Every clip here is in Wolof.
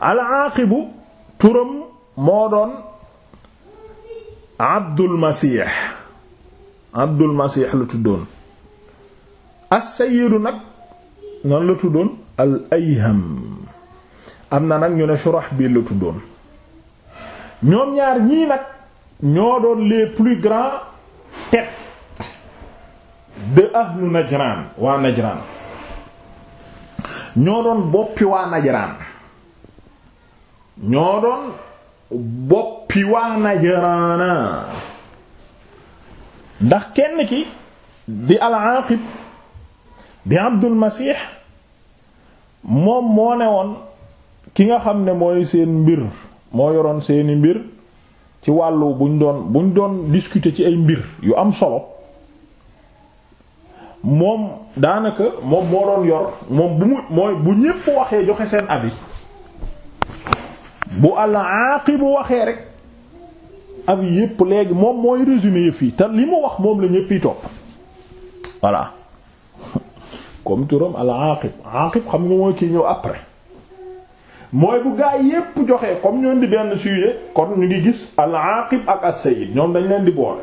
alaaqibu turam moo doon abdul masiix abdul masiix la tuddoon nag noonu la tuddoon al ayham am na nag ñu ne Shurahbil la tuddoon ñoom ñaar ñii nag ñoo doon les plus grands têtes de ahlu najraan waa najraan ñoo doon boppi waa najraan ñoo doon boppi waa najaraana ndax kenn ki di al-Aaqib di Abdul Masih moom moo ne woon ki nga xam ne mooy seen mbir moo yoroon seeni mbir ci wàllu buñ doon buñ doon discuter ci ay mbir yu am solo moom daanaka moom moo doon yor moom bu mu mooy bu ñépp waxee joxe seen abi bu al aqib waxee rek ak yépp léegi moom mooy résumé yëf yi te li mu wax moom la ñëpp yi topp voilà comme turam al aqib aqib xam nga mooy kii ñëw après mooy bu gaa yépp joxee comme ñoon di benn sujet kon ñu ngi gis al aqib ak as sayid ñoom dañ leen di boole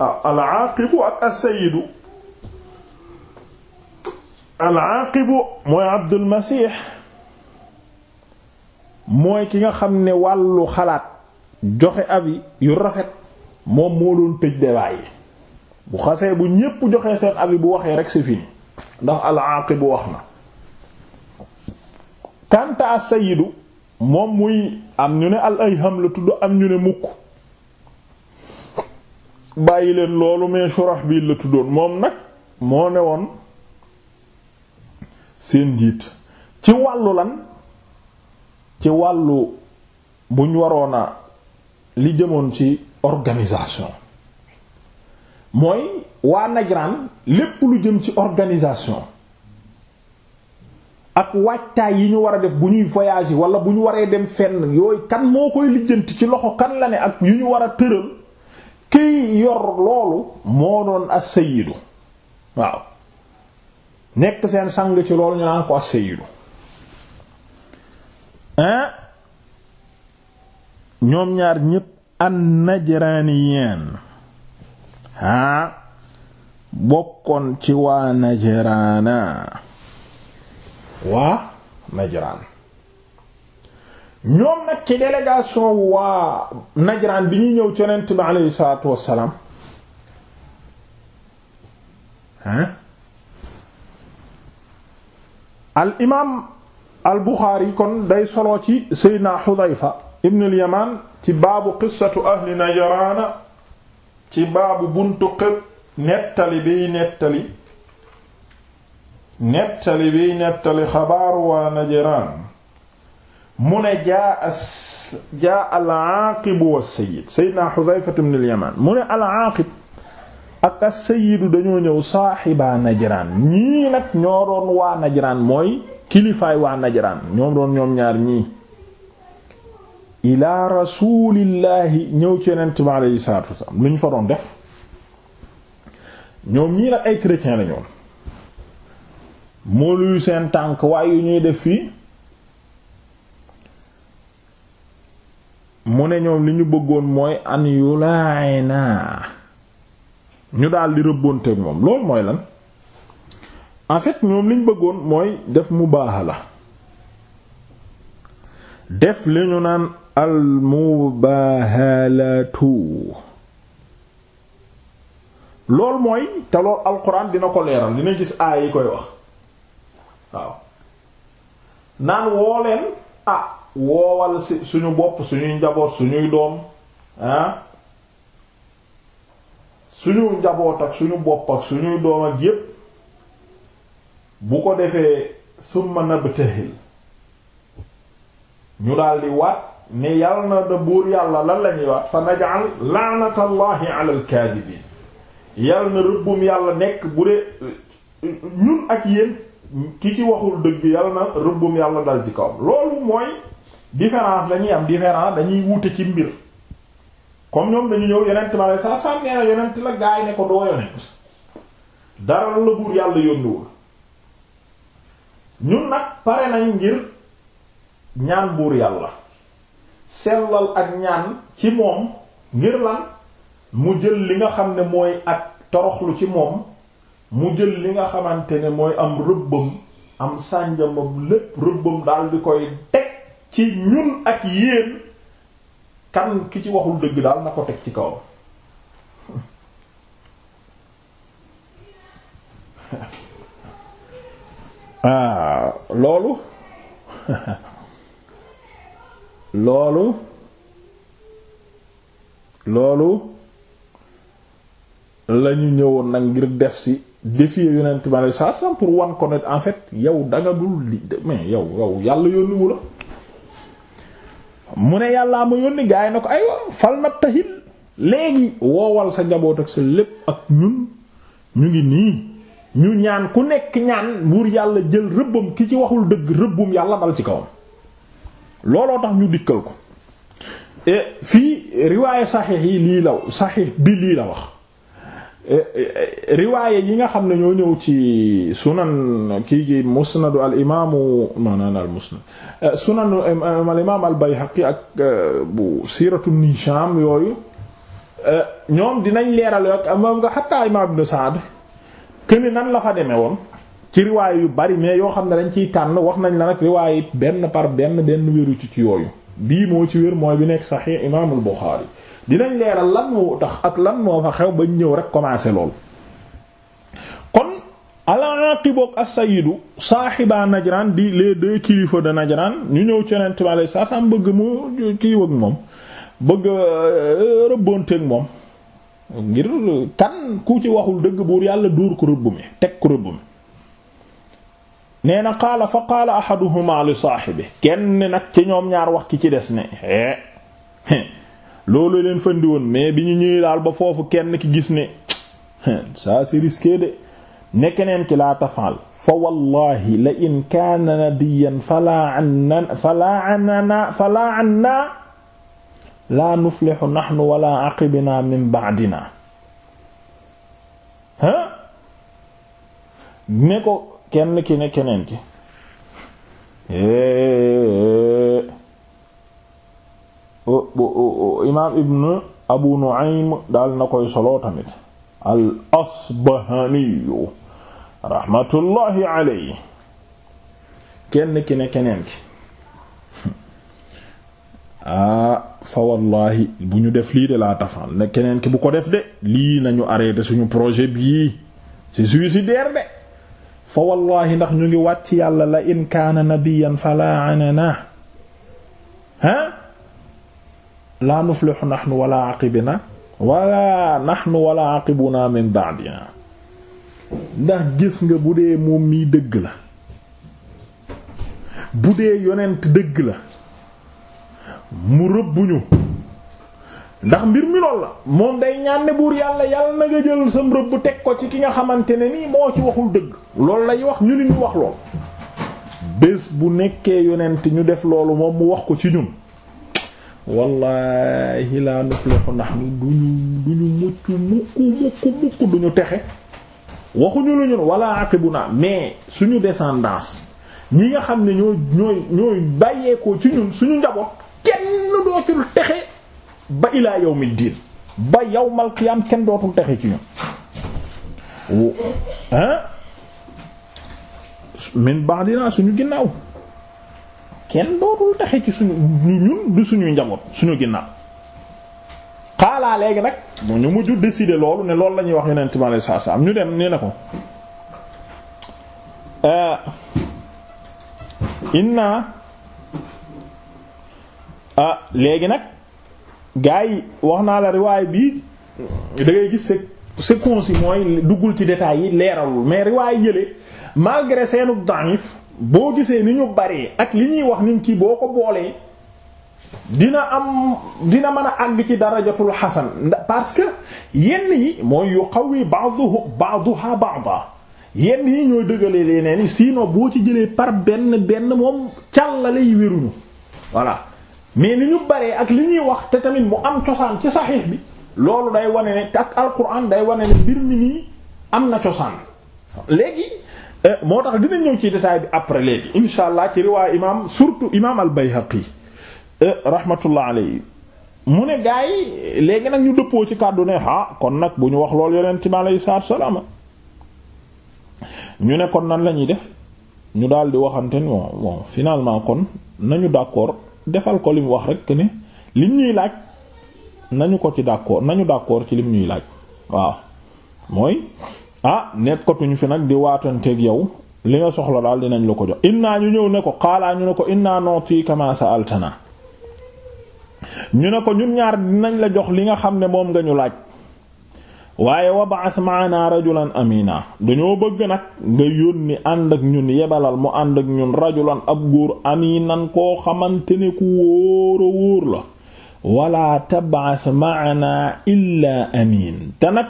a ah, al aqibu ak as sayidu al aqibu mooy Abdul Masih mooy ki nga xam ne wàllu xalaat joxe avis yu rafet moom moo doon tëj débat yi bu xasee bu ñépp joxee seen avis bu waxee rekk c'est fini ndax al bu wax na kanta as-sayyidu moom muy am ñu ne al-ayham la tudd am ñu ne mukk bàyyi leen loolu mais Shurahbil la tuddoon moom nag moo ne woon seen njiit ci wàllu lan ci wàllu buñ waroon a li jëmoon ci organisation mooy waa Najran lépp lu jëm ci organisation ak waajtaay yi ñu war a def bu ñuy voyager wala bu ñu waree dem fenn yooyu kan moo koy lijjanti ci loxo kan la ne ak yu ñu war a tëral kiy yor loolu moo doon as-sayyidu waaw nekk seen sang ci loolu ñu naan ko as-sayyidu ñoom ñaar ñépp an-Najraaniyaan haa bokkoon ci waa Najraana ñoom nag ci waa Najraan bi ñuy ñëw ci Yonent bi aleyhi salaatu wassalaam haa al imaam al Buxaari kon day solo ci Seydina Xudayfa ibn al Yamaan ci baabu qissatu ahli Najaraana ci baabu buntu xëpp nettali biy nettali nettali biy nettali xabaaru waa al-Aaqib wa Sayyid Seydina Xudayfa ibn al al-Aaqib ak as-Sayyidu dañoo ñëw saaxibaa Najraan ñii nag ñoo Najraan mooy. kilifaay waa najraan ñoom doon ñoom ñaar ñii ilaa rasuulillaahi ñëw ci yonent bi alayhi salaatu lu ñu fa doon def ñoom ñii nag ay chrétien la ñoom moo luy seen tànk waaye yu ñuy def fii mu ne ñoom li ñu bëggoon mooy an yulaay naa ñu daal di rëbboonteek moom loolu mooy lan en fait ñoom liñ bëggoon mooy def mubaahala def li ñu naan al mubaahalatu mooy te lool alquran dina ko leeral dina gis aay yi koy wax waaw naan woo leen ah woowal si suñu bopp suñuy njaboot suñuy doom ah suñu njaboot ak suñu bopp ak suñuy doom ak yépp bu ko defee summa nabtahil ñu daldi waat ne yàlla na da buur yàlla lan lañuy waat fa naj'al la'natallahi 'ala al-kaadibiin yàlla na rëbbum yàlla nekk bu dee ñun ak yéen ki ci waxul dëgg yàlla na rëbbum yàlla dal ci kawam loolu mooy différence lañuy am différence dañuy wute ci mbir comme ñoom dañu ñëw yonent ma la sax sànneena yonent la gaay ne ko doo yonent dara la buur yàlla yónniwul ñun nag pare nañ ngir ñaan buur yàlla sellal ak ñaan ci moom ngir lan mu jël li nga xam ne mooy ak toroxlu ci moom mu jël li nga xamante ne mooy am rëbbam am sànjamam lépp rëbbam daal di koy teg ci ñun ak yéen kan ki ci waxul dëgg daal na ko teg ci kawam ah loolu loolu loolu la ñu ñëwoon nag ngir def si défier yonent ma saa sam pour wan ko en fait yow danga dul li mais yow yow yàlla yónniwu la mu ne yàllaa ma yónni gaa na ko ay fal na tahil léegi woowal sa njaboot ak sa lépp ak ñun ñu ngi nii ñu ñaan ku nekk ñaan buur yàlla jël rëbbam ki ci waxul dëgg rëbbum yàlla dal ci kawam looloo tax ñu dikkal ko e, fii riwaaye saxiix yi lii la saxiix bi lii la wax e, e, riwaaye yi nga xam ne ñoo ñëw ci sunan kii gi musnadu al imaamu maanaan al musnad sunanu al imaam al bayhaqi ak bu siiratu nisham yooyu ñoom dinañ leeral ak moom nga xataa imaam ibn Sa'd këni nan la fa demee woon ci riwaay yu bari mais yoo xam ne dañ ciy tànn wax nañ la nag riwaay benn par benn benn wéru ci ci yooyu bii moo ci wér mooy bi nekk saxiix imaamul Buxaari dinañ leeral lan moo tax ak lan moo fa xew bañ ñëw rek commencé lool kon al-Aqib ak as-Sayyid saaxiba Najraan di les deux kilifa de Najraan ñu ñëw ci Yonent bi alayhi salaam bëgg mu kii ak moom bëgg euh, rëbboonteek moom ngir kan ku ci waxul dëgg buur yàlla dóor ko rëbb mi teg rëbb mi nee na qaala fa qaala ahaduhuma li saahibi kenn nag ci ñoom ñaar wax ki ci des ne eh loolu leen fandi woon mais bi ñu ñëwee daal ba foofu kenn ki gis ne ça c'est risqué de ne keneen laa tafaal fa wallahi la in kaana nabiyyan falaa annana falaa annana falaa annana laa nuflixu naxnu wala aqibina min baadina ha ne ko kenn ki ne keneen ki eh. oh, oh, oh, imaam ibn abu nu'aym daal na koy solo tamit al asbahaniyu raxmatullahi alayhi kenn ki ne keneen ki ah fa wallahi bu ñu def lii de laa tafal keneen ki bu ko def de lii nañu arrêté suñu projet bii c'est suicidaire de fa wallahi ndax ñu ngi wàcc ci yàlla la in kaana nabiyan falaa anana ah laa nuflihu nahnu wala aqibina wala nahnu wala aqibuna min ba'dina ndax gis nga bu dee moom mii dëgg la bu dee yonent dëgg la mu rëbb ñu ndax mbir mi lool la moom day ñaan buur yàlla yàlla na nga jël sam rëbb teg ko ci ki nga xamante ne nii moo ci waxul dëgg loolu lay wax ñu ni ñu wax lool bés bu nekkee yonent ñu def loolu moom mu wax ko ci ñun wallahi laa nuflihu nahnu ndax duñu mucc mukku mukku mukku texe waxuñu lu ñun wala aqibuna mais suñu descendance ñi nga xam ne ñooy ñooy ñooy bàyyeekoo ci ñun suñu njaboot dootul texe ba ilaa yawmid diin ba yawmal qiyaam kenn dootul texe ci ñun min ba'dina suñu ginnaaw kenn dootul texe ci suñu ñun du suñu njaboot suñu ginnaaw xaalaa léegi nag mu ñu mujj décider loolu ne loolu la ñuy wax yonent mi alayhi salaatu salaam ñu dem nee na ko euh, inna ah léegi nag gars yi wax naa la riwaay bii da ngay gis c'est c'est mooy duggul ci détails yi leeralul mais riwaay yële malgré seenu danif boo gisee ni ñu baree ak li ñuy wax nit ki boo ko boolee dina am dina mën a àgg ci darajatul xasan parce que yenn yi mooy yu xawwi ba'duhu ba'duha ba'da yenn yi ñooy dëgëlee leneen yi sinon boo ci jëlee par benn benn moom càllale yi wéruñu voilà mais ni ñu baree ak li ñuy wax te tamit mu am cosaan ci saxiix bi loolu day wane ne ak alquran day wane ne mbir mi nii am na cosaan léegi euh, moo tax dina ñëw ci détail bi après léegi insha allah ci riwaayu imaam surtout imaam al bayhaqi euh, rahmatullah alayhi mu ne gaa yi léegi nag ñu dëppoo ci kàddu ne ah kon nag bu ñu wax loolu yonent mi alayhi salaatu wa salaam ñu ne kon nan lañuy def ñu daal di waxante bon bon finalement kon nañu d'accord. defal ko li mu wax rek ne lim ñuy laaj nañu ko ci d'accord nañu d'accord ci lim ñuy laaj waaw mooy ah nekkotuñu fi nag di waatanteeg yow li nga soxla daal dinañ la ko jox naa ñu ñëw ne ko xaalaa ñu ne ko innaa nooti kama sa'altana ñu ne ko ñun ñaar dinañ la jox li nga xam ne moom nga ñu laaj waaye wa wab'ath ma'ana rajulan amina dañoo bëgg nag nga yónni ànd ak ñun yebalal mu ànd ak ñun rajulan ab góor aminan koo xamante ne ku wóor wóor la wala tab'ath ma'ana illa amin te nag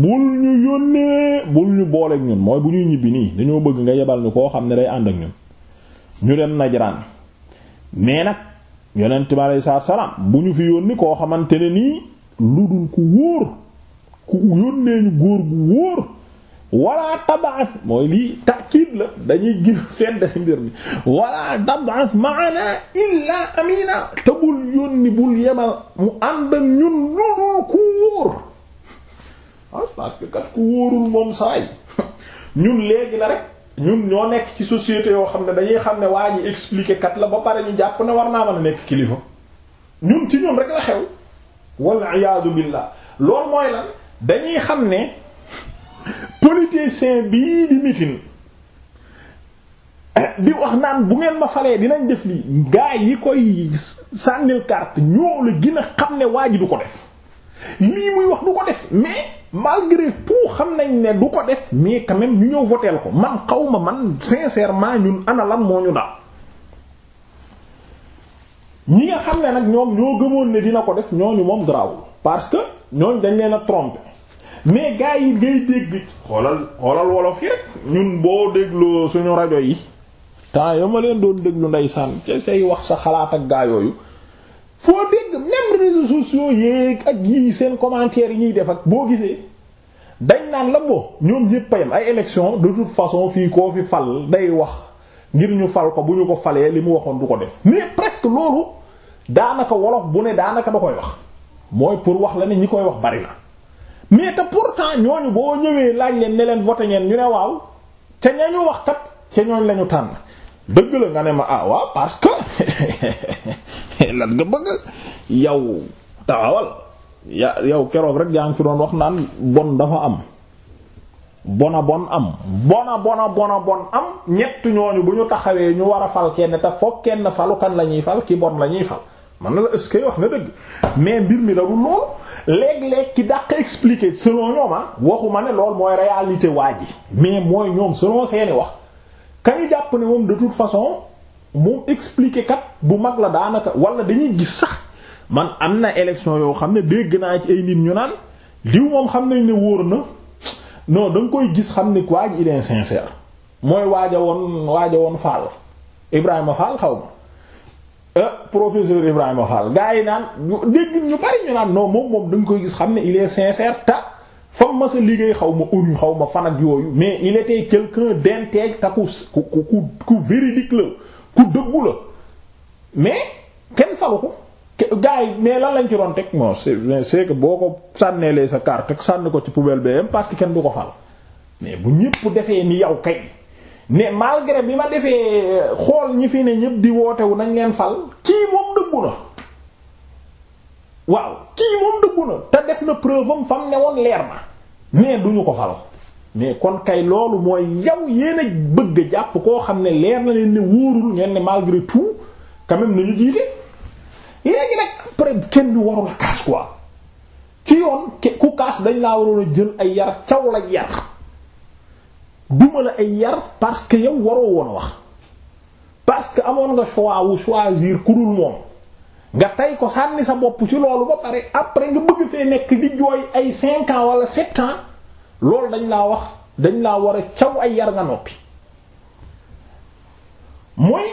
bul ñu yónnee bul ñu booleek ñun mooy bu ñuy ñibbi nii dañoo bëgg nga yebal ñu koo xam ne day ànd ak ñun ñu dem najraan mais nag yonent bi alayhi salaam bu ñu fi yónni koo xamante ne nii lu dul ku wóor ku yónnee ñu góor gu wóor wala tabaas mooy lii takiid la dañuy gën fedd mbir mi wala tabaas maana illaa amina te bul yónni bul yebal mu ànd ak ñun ludul ku wóor ah parce que kat ku wóorul moom saay ñun léegi la rek ñun ñoo nekk ci société yoo xam ne dañuy xam ne waa ñi expliquer kat la ba pare ñu jàpp ne war naa mën a nekk kilifa ñun ci ñoom rek la xew wal iyaadu billah loolu mooy lan dañuy xam ne politicien bii di mitin di wax naan bu ngeen ma falee dinañ def lii gaa yi koy sànnil carte ñoo la gën a xam ne waa ji du ko def lii muy wax du ko def mais malgré tout xam nañ ne du ko def mais quand même ñu ñëw voteel ko man xaw ma man sincèrement ñun ana lan moo ñu daal. ñi nga xam ne nag ñoom ñoo gëmoon ne dina ko def ñooñu moom garaawul parce que ñooñu dañ leen a tromper. mais gars yi ngay dégg xoolal xoolal wolof yi ñun boo dégloo suñu rajo yi temps yo ma leen doon déglu ndeysaan ca say wax sa xalaat ak gaa yooyu foo dégg même réseaux sociaux yeeg ak yii seen commentaires yi ñuy def ak boo gisee dañ naan la moo ñoom ñépp yam ay élection de toute façon fii koo fi fal day wax ngir ñu fal ko bu ñu ko falee li mu waxoon du ko def mais presque loolu daanaka wolof bu ne daanaka da koy wax mooy pour wax la ne ñi koy wax bari mais te pourtant ñooñu boo ñëwee laaj leen ne leen voté ngeen ñu ne waaw te ñañu wax kat ca ñooñ lañu tànn dëgg la nga ne ma ah waaw parce que lan nga bëgg yow taxawal ya yow keroog rek yaa ngi fi doon wax naan bon dafa am bona bon am bona bona bona bon am ñett ñooñu bu ñu taxawee ñu war a fal kenn te foog kenn falu kan la ñuy fal ki bon la ñuy fal man na la est-ce que wax nga dëgg mais mbir mi la du lool léeg-léeg ki dàq expliquer selon ñoom ah waxuma ne lool mooy réalité waa ji mais mooy ñoom selon seeni wax kañu jàpp ne moom de toute façon moom expliquer kat bu mag la daanaka wala dañuy gis sax man am na élection yoo xam ne dégg naa ci ay nit ñu naan diw moom xam nañ ne wóor na noo da koy gis xam ne waa ji il mooy waaja woon waaja woon Fall Ibrahima Fall xaw ma. Euh, professeur Ibrahima Fall gars yi naan dégg ñu bari ñu naan non moom moom da koy gis xam ne il est sincère ta fam ma sa liggéey xaw ma onu xaw ma fan ak yooyu mais il était quelqu'un d'intègre te ku ku ku ku véridique la ku dëggu la mais kenn falu ko gars yi mais lan lañ ci doon teg non c'est que boo ko sànneelee sa carte sànni ko ci poubelle BM parce que kenn du ko fal mais bu ñépp defee ni yow kay. ne malgré bi ma defee euh, xool ñi fi ne ñëpp di wootewu nañ leen fal kii moom dëggu na waaw kii moom dëggu na te def na preuve am fam ne woon leer na mais duñu ko falo mais kon kay loolu mooy yow yéen a bëgg jàpp koo xam ne leer na leen ne wóorul ngeen ne malgré tout quand même nañu jiite léegi nag après kenn warul a kaas quoi ci yoon ku kaas dañ laa waroon a jël ay yara caw la yar duma la ay yar parce que yow waroo woon wax parce que amoon nga choix wu choisir ku dul moom nga tey ko sànni sa bopp ci loolu ba pare après nga bëgg fee nekk di jooy ay cinq ans wala sept ans loolu dañ laa wax dañ laa war a caw ay yar nga noppi mooy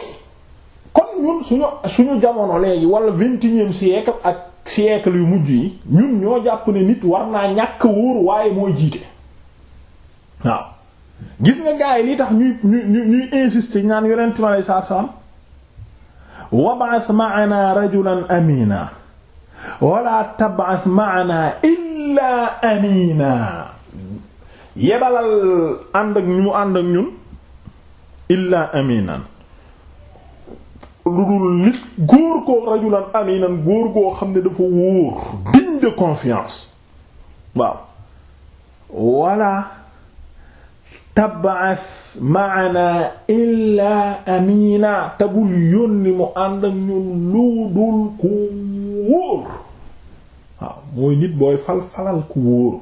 kon ñun suñu suñu jamono léegi wala vingt et unième ak siècle yu mujj yi ñun ñoo jàpp ne nit war naa ñàkk wóor waaye mooy jiite waaw gis nga gaa yi li tax ñuy ñuy ñuy insister ñaan yonent mi aleyhi salaatu salaam wab'ath ma'ana rajulan amina wala tab'ath ma'ana illa amina yebalal ànd ak ñu mu ànd ak ñun illa aminan lu dul nit góor koo rajulan aminan góor koo xam ne dafa wóor digne de confiance waaw wala tab'ath ma'ana illaa amina te bul yónni mu ànd ak ñun lu dul ku wóor waaw mooy nit booy fal-falal ku wóor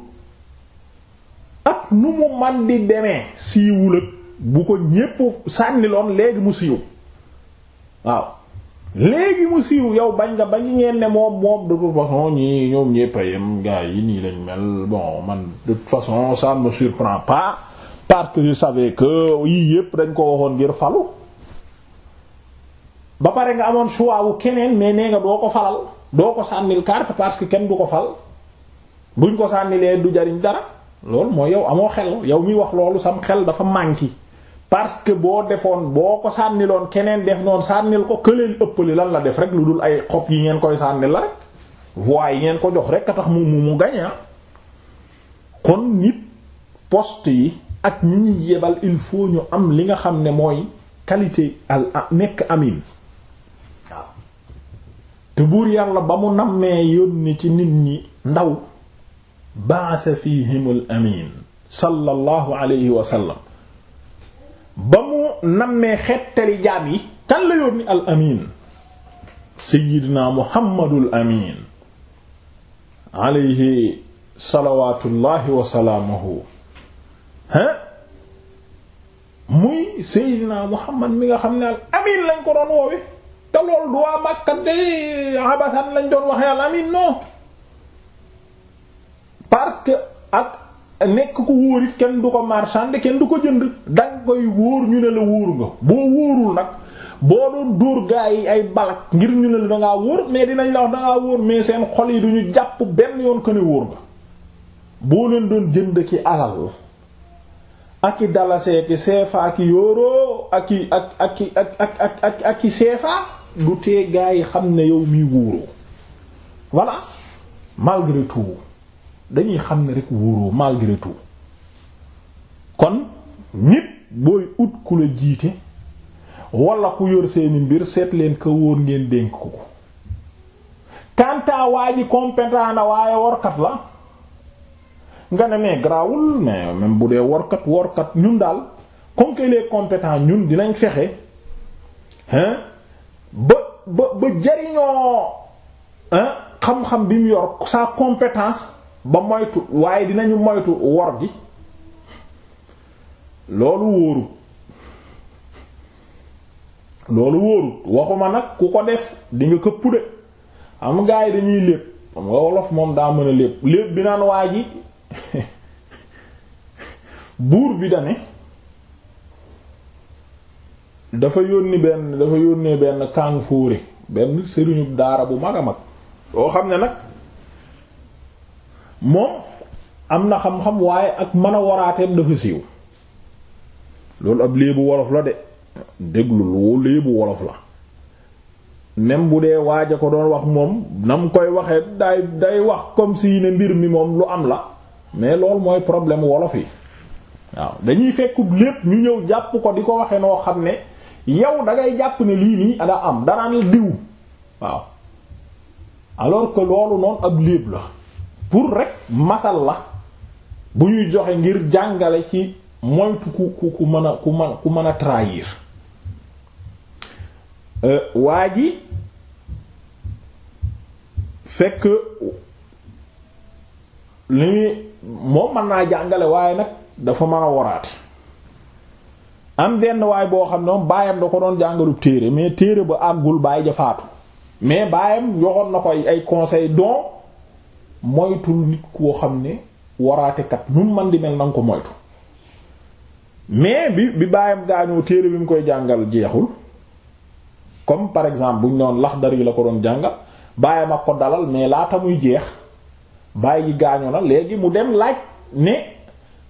ak nu mu man di demee siiwul ak bu ko ñépp sànniloon léegi mu siiw waaw léegi mu siiw yow bañ nga bañ ngeen ne moom moom de toute façon ñi ñoom surprend pas parce que je que yii yépp dañ ko waxoon ngir falu ba pare nga amoon choix wu keneen mais nee nga doo ko falal doo ko sànnil carte parce que kenn du ko fal buñ ko sànnilee du jariñ dara loolu mooy yow amoo xel yow muy wax loolu sam xel dafa manqué parce que boo defoon boo ko sànniloon keneen def noon sànnil ko këleen ëppale lan la def rek lu dul ay xob yi ngeen koy sànnil la rek voix yi ngeen ko jox rek a tax mu mu mu gañe kon nit poste yi ak ñi ñuy yebal il faut ñu am li nga xam ne mooy qualité al nekk amin te buur yàlla ba mu nammee yónni ci nit ñi ndaw ba'atha fihimul amin sallallahu alayhi wa ba mu nammee xettali jaam yi kan la yónni al amin sayyidina amin alayhi salawatullahi wa hein muy Seydina Muhammad mi nga xam ne al amin lañ ko doon woowe te loolu du waa Makka de abasan lañ doon waxee al amin non parce que ak nekk ko wóor it kenn du ko marchand kenn du ko jënd danga koy wóor ñu ne la wóor nga boo wóorul nag boo doon dóor gaa yi ay balak ngir ñu ne la dangaa wóor mais dinañ la wax dangaa wóor mais seen xol yi duñu jàpp benn yoon ko ne wóor nga boo leen doon jënd ci alal ak i dalaseeki seefa ak yóoroo ak i ak ak seefa du tee yi xam ne yow miy wóoroo voilà malgré dañuy xam ne rek wóoroo malgré kon nit booy ut ku la jiite wala ku yor seeni mbir seet leen ka wóor ngeen dénk ko kanta waa ji compétent waaye workat la nga ne mais garaawul mais même bu dee workat workat ñun daal comme que les compétents ñun dinañ fexe hein ba ba ba jariñoo xam-xam bi mu yor sa compétence ba moytu waaye dinañu moytu wor gi loolu wóoru loolu wóoru waxuma nag ku ko def di nga këppu am gaa yi dañuy lépp xam nga wolof moom daa mën a lépp lépp bi naan waa ji buur bi dane dafa yónni benn dafa yónnee benn kàng fóore benn sëriñu daara bu mag a mag loo xam ne nag moom am na xam-xam waaye ak mën a waraateem dafa siiw loolu ab léebu wolof la de déglu lu léebu wolof la même bu dee waaj a ko doon wax moom na mu koy waxee day day wax comme si ne mbir mi moom lu am la mais loolu mooy problème wolof yi waaw dañuy fekk lépp ñu ñëw jàpp ko di ko waxe noo xam ne yow da jàpp ne lii nii ada am danaan diw waaw alors que loolu noonu ab léeb la pour rek masal la bu ñuy joxe ngir jàngale ci moytu ku ku ku mën a ku mën ku mën a trahir euh, waa ji fekk li moom mën naa jàngale waaye nag dafa man a waraati am benn waay boo xam ne moom baayam da ko doon jàngalub téere mais téere ba àggul baay jafaatu mais baayam yoxoon na koy ay conseil don moytul nit koo xam ne waraatekat nun man di mel nanga ko moytu mais bi bi baayam gaañoo téere bi mu koy jàngal jeexul comme par exemple buñ noon laxdar yi la ko doon jàngal baayam ak ko dalal mais laata muy jeex baay yi gaañoo na léegi mu dem laaj ne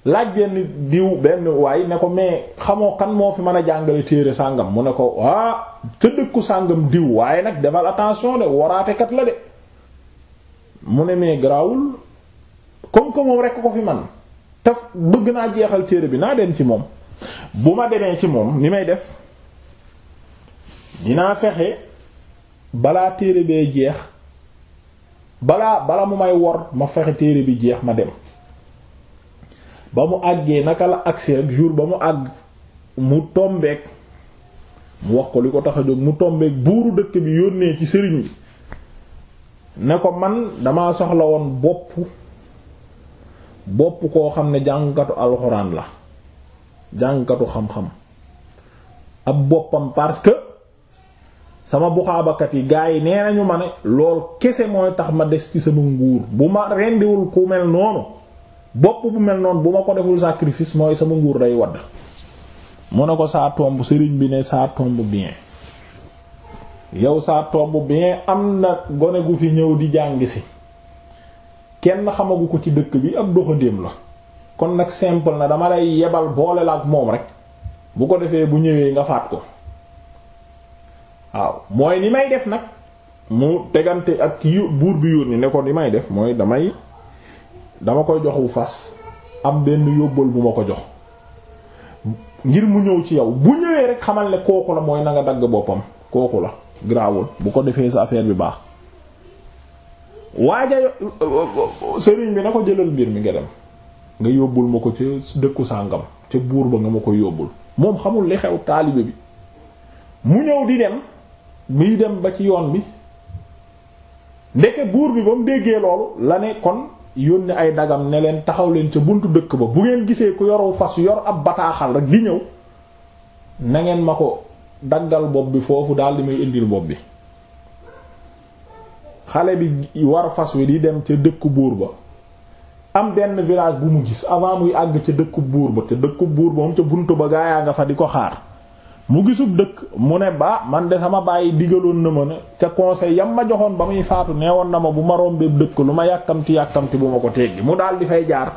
laaj benn diw benn waay ne ko mais xamoo kan moo fi mën a jàngale téere sàngam mu ne ko ah te ku sàngam diw waaye nag defal attention de waraatekat la de mu ne mais garaawul comme que moom rekk ko fi man te bëgg naa jeexal téere bi naa dem ci moom bu ma demee ci moom ni may def dinaa fexe balaa téere bee jeex balaa bala mu may wor ma fexe téere bi jeex ma dem ba mu àggee naka la agsi rek jour ba mu àgg mu tombeek mu wax ko li ko tax a jóg mu tombeek buuru dëkk bi yónnee ci sëriñ bi ne ko man dama soxla woon bopp bopp koo xam ne jàngkatu alxuraan la jàngkatu xam-xam ab boppam parce que sama buxaabakat yi gaa yi nee nañu ma ne lool kese mooy tax ma des ci sama nguur bu ma rendiwul ku mel noonu bopp bu mel noonu bu ma ko deful sacrifice mooy sama nguur day wadd mu ne ko saa tomb sëriñ bi ne saa tomb bien yow saa tomb bien am na gone gu fi ñëw di jàng si kenn xamagu ko ci dëkk bi ab doxandéem la kon nag simple na dama lay yebal boole la ak moom rek bu ko defee bu ñëwee nga faat ko waaw mooy ni may def nag mu degante ak buur bi yónni ne ko ni may def mooy damay dama koy joxu fas am benn yóbbal bu ma ko jox ngir mu ñëw ci yow bu ñëwee rek xamal ne kooku la mooy nanga dagg boppam kooku la grawul bu ko defee sa affaire bi baax waaja sëriñ bi na ko jëlal mbir mi nga dem nga yóbbul ma ko ca dëkku sàngam ca buur ba nga ma ko yóbbul moom xamul li xew taalibe bi mu ñëw di dem muy dem ba ci yoon bi ndeke buur bi ba mu déggee loolu la ne kon yónni ay dagam ne leen taxaw leen ca buntu dëkk ba bu ngeen gisee ku yoraw fas yor ab bataaxal rek di ñëw na ngeen ma ko daggal bopp bi foofu daal di may indil bopp bi xale bi war fas wi di dem ca dëkku buur ba am benn village bu mu gis avant muy àgg ca dëkk buur ba te dëkku buur ba moom ca buntu ba gaayaa nga fa di ko xaar mu gisub dëkk mu ne ba man de sama bàyyi digaloon na ma ne ca conseil yam ma joxoon ba muy faatu nee woon na ma bu ma rombee dëkk lu ma yàkkamti yàkkamti bu ma ko teggi mu daal di fay jaar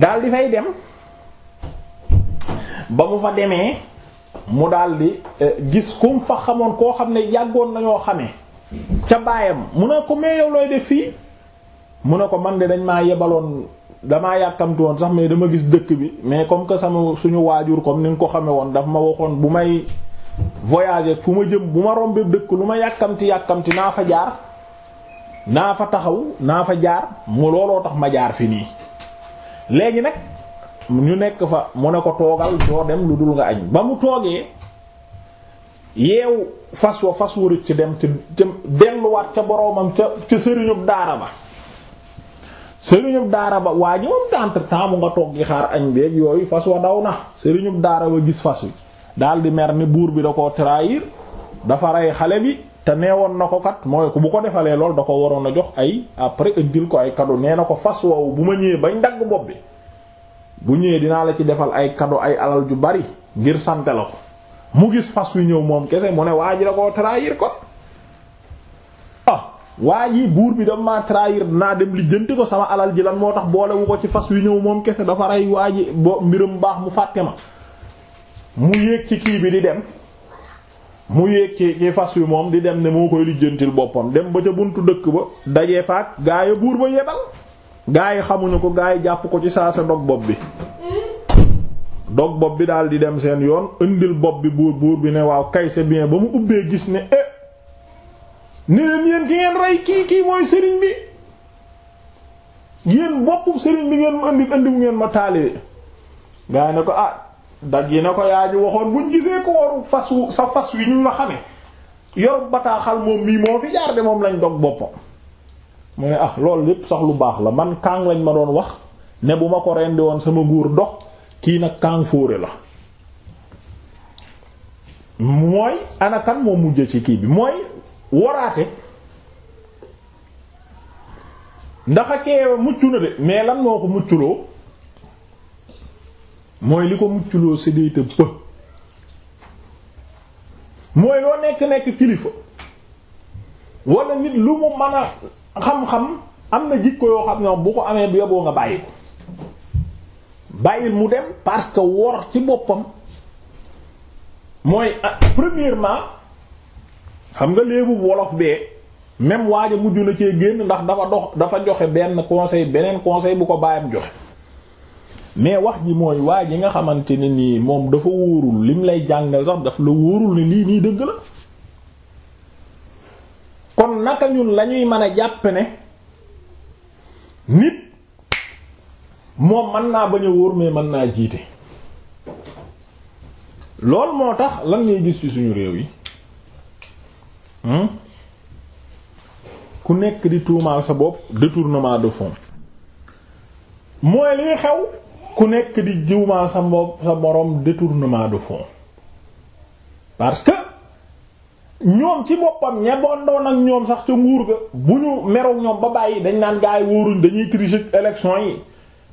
daal di fay dem ba mu fa demee mu dal di eh, gis ku mu fa xamoon koo xam ne yàggoon nañoo xamee ca baayam mu ne ko mais yow looy def fii mu ne ko man de dañ maa yebaloon damaa yàkkamtu woon sax mais dama gis dëkk bi mais comme que sama suñu waajur comme ni nga ko xamee woon daf ma waxoon bu may voyager fu ma jëm bu ma rombee dëkk lu ma yàkkamti yàkkamti naa fa jaar naa fa taxaw naa fa jaar mu looloo tax ma jaar fi nii léegi nag ñu nekk fa mu ne ko toogal doo dem lu dul nga añ ba mu toogee yeew fas wa fas wa rëcc dem ca delluwaat ca boroomam ca ca sëriñub daara ba sëriñub daara ba waa ji moom entre temps mu nga toog xaar añ beeg yooyu fas wa daw na sëriñub daara ba gis fas wi dal di mer ni buur bi da ko trahir dafa rey xale bi te woon na ko kat mooy bu ko defalee lool da ko waroon a jox ay après ëndil ko ay kaddu nee na ko fas woowu bu ma ñëwee bañ dagg bopp bi bu ñëwee dinaa la ci defal ay cadeau ay alal ju bari ngir sante la ko mu gis fas wi ñëw moom kese mu ne waa ji da ko trahir kon waa ji buur bi dama maa trahir naa dem lijjanti ko sama alal ji lan moo tax boolewu ko ci fas wi ñëw moom kese dafa rey waa ji bo mbiram baax mu fàtte ma mu yéeg ci kii bi di dem mu yéeg ci fas wi moom di dem ne moo koy lijjantil boppam dem ba ca buntu dëkk ba dajee faak gaa yi buur ba yebal gaa yi xamuñu ko gaa yi jàpp ko ci saa sa dog bopp bi dog bopp bi daal di dem seen yoon indil bopp bi buur buur bi ne waaw kay c'est ba mu ubbee gis ne eh, ne leen yéen ki ngeen rey kii kii mooy sëriñ bi yéen bokkub sëriñ bi ngeen ma andi andi mu ngeen ma taalibe gaa yi ne ko ah dagg yi ne ko yaa ji waxoon buñ gisee ko waru fas wu sa fas wi ñu ma xamee yorub bataaxal moom mii moo fi jaar de moom lañ dog boppam mu ne ah loolu yépp sax lu baax la man kaang lañ ma doon wax ne bu ma ko rendi woon sama góor dox kii nag kaang fóore la mooy anakan moo mujj ci kii bi mooy woraate ndaxa a keewa na de mais lan moo ko mucculoo mooy li ko mucculoo sédéeta bë mooy loo nekk-nekk kilifa wala nit lu mu mën a xam-xam am na jikko yoo xam ne bu ko amee bu yoboo nga bàyyi ko bàyyil mu dem parce que wor ci boppam mooy ah, premièrement xam nga léebu wolof bee même waaja mujj na cee génn ndax dafa dox dafa joxe benn conseil beneen conseil bu ko baayam joxe mais wax ji mooy waa yi nga xamante ne nii moom dafa wóorul lim lay jàngal sax daf la wóorul ne nii dëgg la kon naka ñun lañuy mën a jàpp ne nit moom mën naa bañ a wóor mais mën naa jiite loolu moo tax lan ngay gis ci suñu réew yi Hmm? ku nekk di tuumaal sa bopp détournement de fonds mooy lii xew ku nekk di jiwmaal sa bopp sa borom détournement de fonds parce que ñoom ci boppam ña ak ñoom sax ca nguur ga bu ñu meroog ñoom ba bàyyi dañ naan gaay wóoruñ dañuy tricher élection yi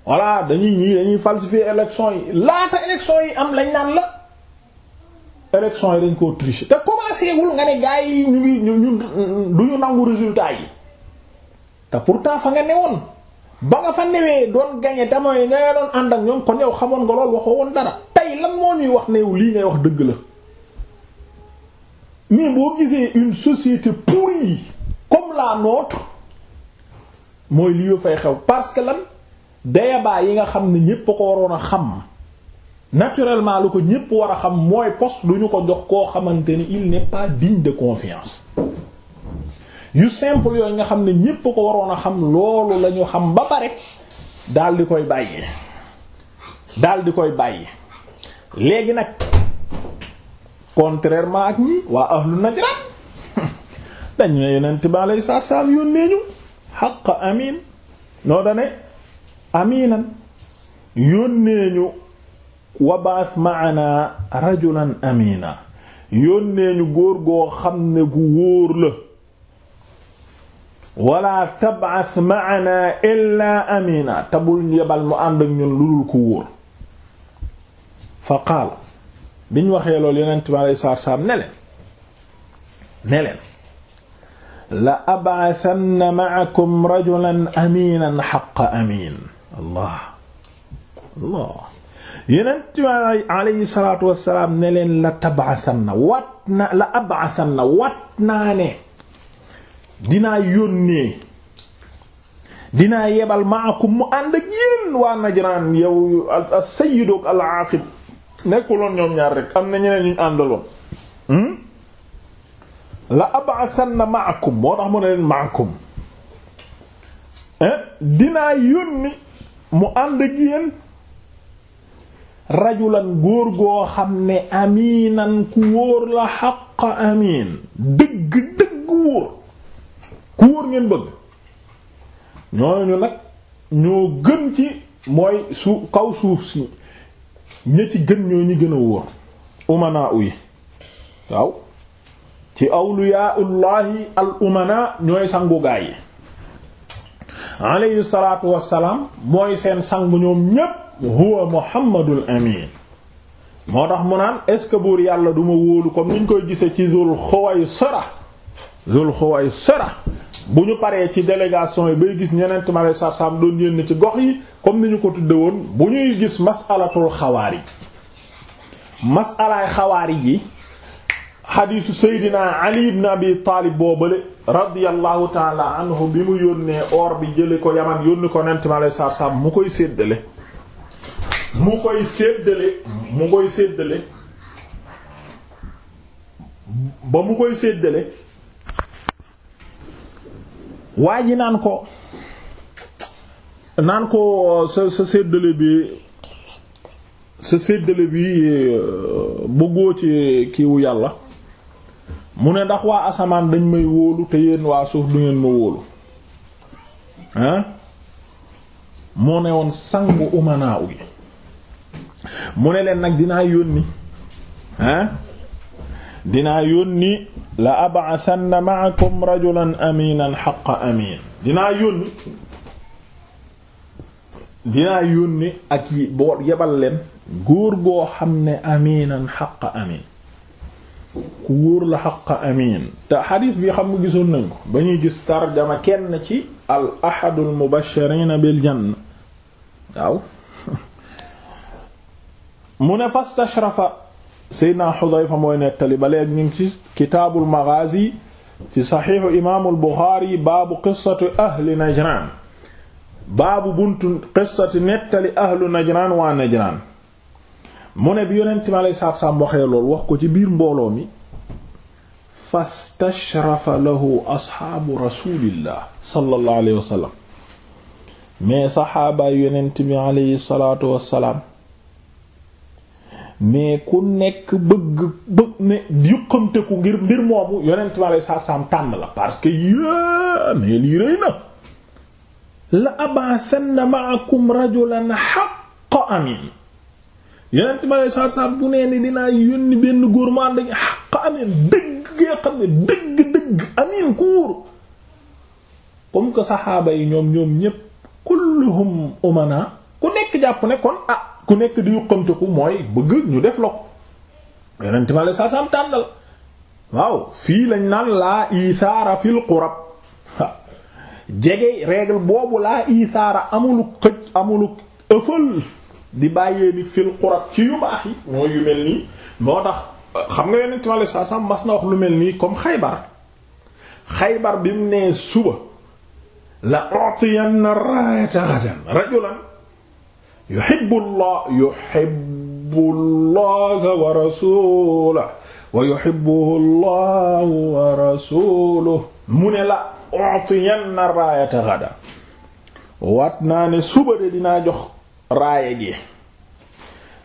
voilà dañuy ñii dañuy falsifier élection yi laata élection yi am lañ naan la élection yi dañ koo te commencé wul nga ne gars yi ñu ngi ñu du ñu nangu résultat yi te pour pourtant fa nga newoon ba nga fa newee doon gagné te mooy nga doon ànd ak ñoom ko yow xamoon nga lool waxoo woon dara. tey lan moo ñuy wax new lii ngay wax dëgg la mais boo gisee une société pourrie comme la nôtre mooy li yoo fay xew parce que lan dayabaa yi nga xam ne ñépp a ko waroon a xam. naturellement lu ko ñépp war a xam mooy poste lu ñu ko jox koo xamante ni il n'est pas digne de confiance yu simple yooyu nga xam ne ñépp ko waroon a xam loolu la ñu xam ba pare daal di koy bàyyi dal di koy bàyyi léegi nag contrairement ak ñi waa ahlu najran dañ ne yonent a lay saar saar yónnee ñu xaq amin noo dane aminan yónnee ñu wabaas maana rajulan amina yónnee ñu góor goo xam ne gu wóor la wala tabas maana illa amina tabul yebal mu ànd ak ñun lu dul ko wóor fa qaal biñ waxee loolu yonent bi alei saatu salaam ne leen ne leen la ab'athanna ma'akum rajulan aminan haqqa amin allah allah yenent alayhi salaatu wassalaam ne leen la tabaasanna wat na la abaasanna wat naa ne dinaa yónnee dinaa yebal maakum mu ànd ak yéen waa Najraan yow as-sayyidu ak al-Aaqib nekkuloon ñoom ñaar rek am na ñeneen ñu àndaloon hmm? la abaasanna maakum moo tax mu ne leen maakum eh? dinaa yónni mu ànd ak yéen rajulan góor goo xam ne aminan ku wóor la xaq amin dëgg dëgg wóor ku wóor ngeen bëgg ñooñu nag ñoo gën ci mooy su kaw suuf si ña ci gën ñoo ñi gën a wóor umanaa yi waaw ci awliyaullahi al umana ñooy sangu gaay yi aleyhi salaatu wassalaam mooy seen sangu ñoom ñépp huwa muhammadul amin moo tax mu naan est ce que buur yàlla du ma wóolu comme niñ koy gisee ci yu zul xuwaysira zul xuwaysira bu ñu paree ci délégation yi bay gis ñeneen tamale sax saam doon yéen ci gox yi comme ni ñu ko tudde woon bu ñuy gis masalatul xawaarij masalaay xawaarij yi xadiisu Seydina Ali ibn Abi Taalib boobale radiyallahu taala anhu bi mu yónnee or bi jële ko yaman yónni ko nent ma lay saar saam mu koy séddale mu koy séddale mu koy séddale ba mu koy séddale waa ji naan ko naan ko sa sa séddale bi sa séddale bi euh, bëggoo ci kiiwu yàlla mu ne ndax waa asamaan dañ may wóolu te yéen waa suuf du ngeen ma wóolu hein moo ne woon sangu umanaaw gi mu ne leen nag dinaa yónni ah dinaa yónni la ab'athanna ma'akum rajulan aminan xaq amin dinaa yónni yónni ak yi boo yebal leen góor goo xam ne aminan xaq amin ku wóor la xaq amiin te xadis bi xam nga gisoon nañ ko ba ñuy gis tarjama kenn ci al ahadul mubashirina bil janna waaw mu ne fastashrafa seydna xudayfa mooy nettali ba léegi ñu ngi ci kitaabul maghazi ci saxiixu imaamul buxaari baabu qissatu ahli najraan baabu buntu qissati nettali ahlu najraan waa najraan mu ne bi yonent mi aleyhi salaatu salaam waxee lool wax ko ci biir mbooloo mi fastashrafa lahu asxaabu rasulillah sallallahu alayhi wa sallam mais saxaabaa yonent bi aleyhi salaatu wassalaam mais ku nekk bëgg bëgg ne yuqamteku ngir mbir moomu yonent ma lay sa tànn la parce que yé mais lii rëy na la abasanna ma'akum rajulan haqqa amin yonent ma lay sa bu nee ni dinaa yónni benn góor mu ànd ak dëgg nga xam ne dëgg dëgg amin kuur comme que saxaaba yi ñoom ñoom ñépp kulluhum umana ku nekk jàpp ne kon ah ku nekk di yuqamteku mooy bëgg ñu def lok yonent ma la saasaam tàndal waaw fii lañ naan laa isaara fil qurab jege règle boobu laa isaara amulu xëj amulu ëfal di bàyyee nit fil qurab ci yu baax yi mooy yu mel nii moo tax xam nga yonent ma la saasaam mas na wax lu mel nii comme xaybar xaybar bi mu nee suba la utiyanna rajatan rajulan yuhibbu Allah yuhibbu Allah wa rasuluhu wa yuhibbuhu Allah wa rasuluhu mu ne la utiyanna raayata gada waat naa ne suba de dinaa jox raaya gi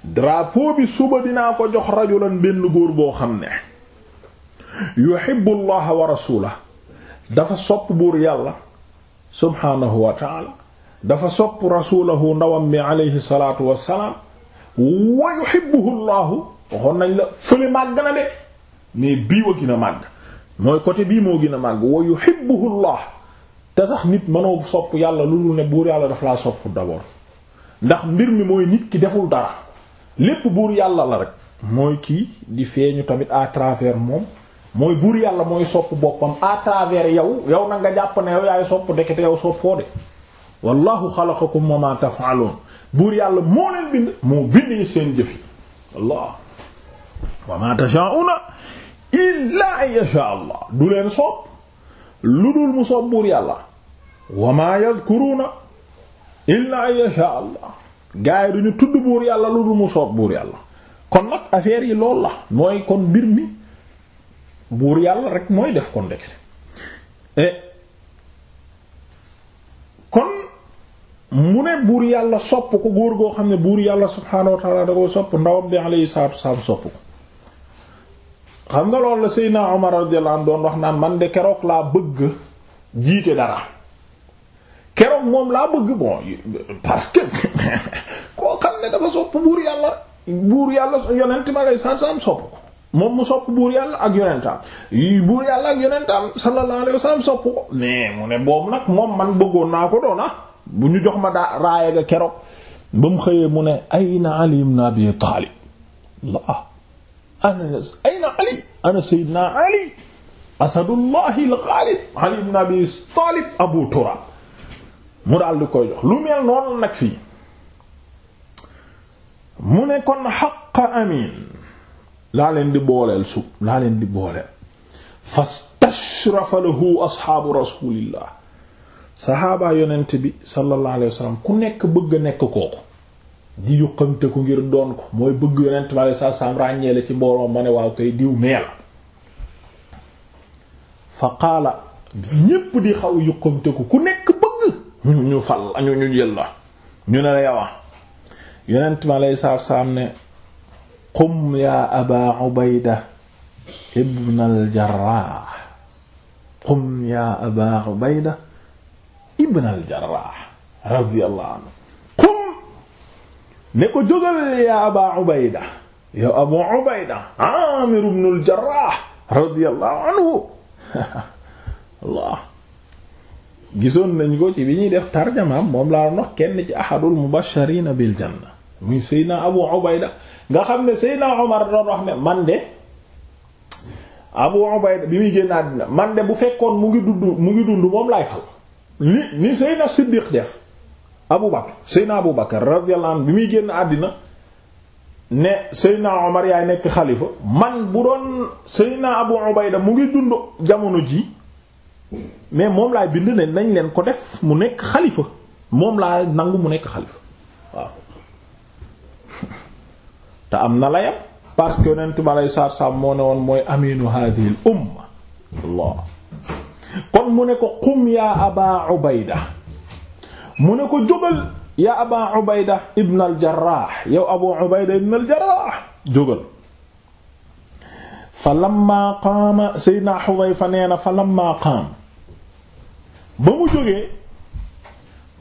drapeau bi suba dinaa ko jox rajulan benn góor boo xam ne yuhibbu Allah wa rasuluhu dafa sopp buur yàlla subhaanahu wa ta'ala dafa sopp rasulahu ndawam bi alayhi salaatu wassalaam wa yuhibbuhu llahu waxoon nañ la fële màgg na de mais bii wa gën màgg mooy côté bii moo gën a màgg wa yuhibbuhu llah te sax nit mënoo sopp yàlla lu loolu ne buur yàlla daf laa sopp d'abord ndax mbir mi mooy nit ki deful dara lépp buur yàlla la rek mooy kii di feeñu tamit à travers moom mooy buur yàlla mooy sopp boppam à travers yow yow na nga jàpp na yow yaay sopp dekete yow soppoo de wallahu xalaqakum wa ma taf'alun buur yàlla moo leen bind moo bind seen jëf yi allah wa ma tasha'una illa an yasha allah du leen soob lu dul mu soob buur yàlla wa ma yadhkuruna illa an yasha allah gaa yi duñu tudd buur yàlla lu dul mu soob buur yàlla kon nag affaire yi lool la mooy kon mbir mi buur yàlla rek mooy def kon dekk eh, mu ne buur yàlla sopp ko góor goo xam ne buur yàlla subhaanahu wa taala ko sopp ndawam bi alayhi salaatu wasalaam sopp ko nga loolu la Seydina doon wax naan man de keroog laa bëgg jiite dara moom laa bëgg bon parce que koo sopp yàlla buur yàlla yonent bi alayhi salaatu wasalaam sopp ko moom mu sopp buur yàlla ak yonentam buur yàlla ak yonentam sallallahu alayhi wasallam sopp ko mais mu ne boobu nag moom man bëggoon naa ko doona ah. bu ñu jox ma daa raaya ga ba mu xëyee mu ne ayna ali ibn abi taalib la ali ana sayyidina ali asadullahi al-ghalib ali ibn abi taalib abu turaab mu daal di koy jox lu mel noonu nag fii mu ne kon xaqa amin laa leen di booleel suuf laa leen di booleel fastashrafa lahu ashaabu saxaabaa yonent bi sallallahu alayhi wa ku nekk bëgg a nekk kooku di yuqamte ku ngir doon ko mooy bëgg yonent bi alayhi salaam ràññee la ci mbooloo ma ne waaw koy diw mee la fa qaala ñépp di xaw yuqamte ku ku nekk bëgg ñu ñu fal ñu ñu jël la ñu ne la yow ah. yonent bi alayhi salaam ne qum yaa aba ubayda ibn al qum yaa aba ubayda ibn al-Jarrah qum ne ko jógal ya Aba Ubayda ya Abu Ubayda Amir ibn al-Jarrah anhu gisoon nañ ko ci bi ñuy def tarjamaam moom laa nox kenn ci ahadul mubashirina bil janna muy Seydina Abu Ubayda nga xam ne Seydina Omar doon wax ne man de Abu Ubayda bi muy génn àddina man de bu fekkoon mu ngi dund mu ngi dund moom laay fal ni ni Seydina Siddiq def Abu Bakr Seydina Abu Bakr radiyallahu anhu bi muy génn àddina ne Seydina Omar yaay nekk xalifa man bu doon Seydina Abu Ubayda mu ngi dund jamono ji mais moom laay bind ne nañ leen ko def mu nekk xalifa moom laa nangu mu nekk xalifa waaw te am na la layam parce que yonent bi aleyhi salaatu moo ne woon mooy aminu hadhihi al kon mu ne ko qum yaa aba ubayda mu ne ko jógal yaa aba ubayda ibn al jarrah yow abu ubayda ibn al jarrah jógal fa lamma qaama seydna xudayfa nee na fa lamma qaam ba mu jógee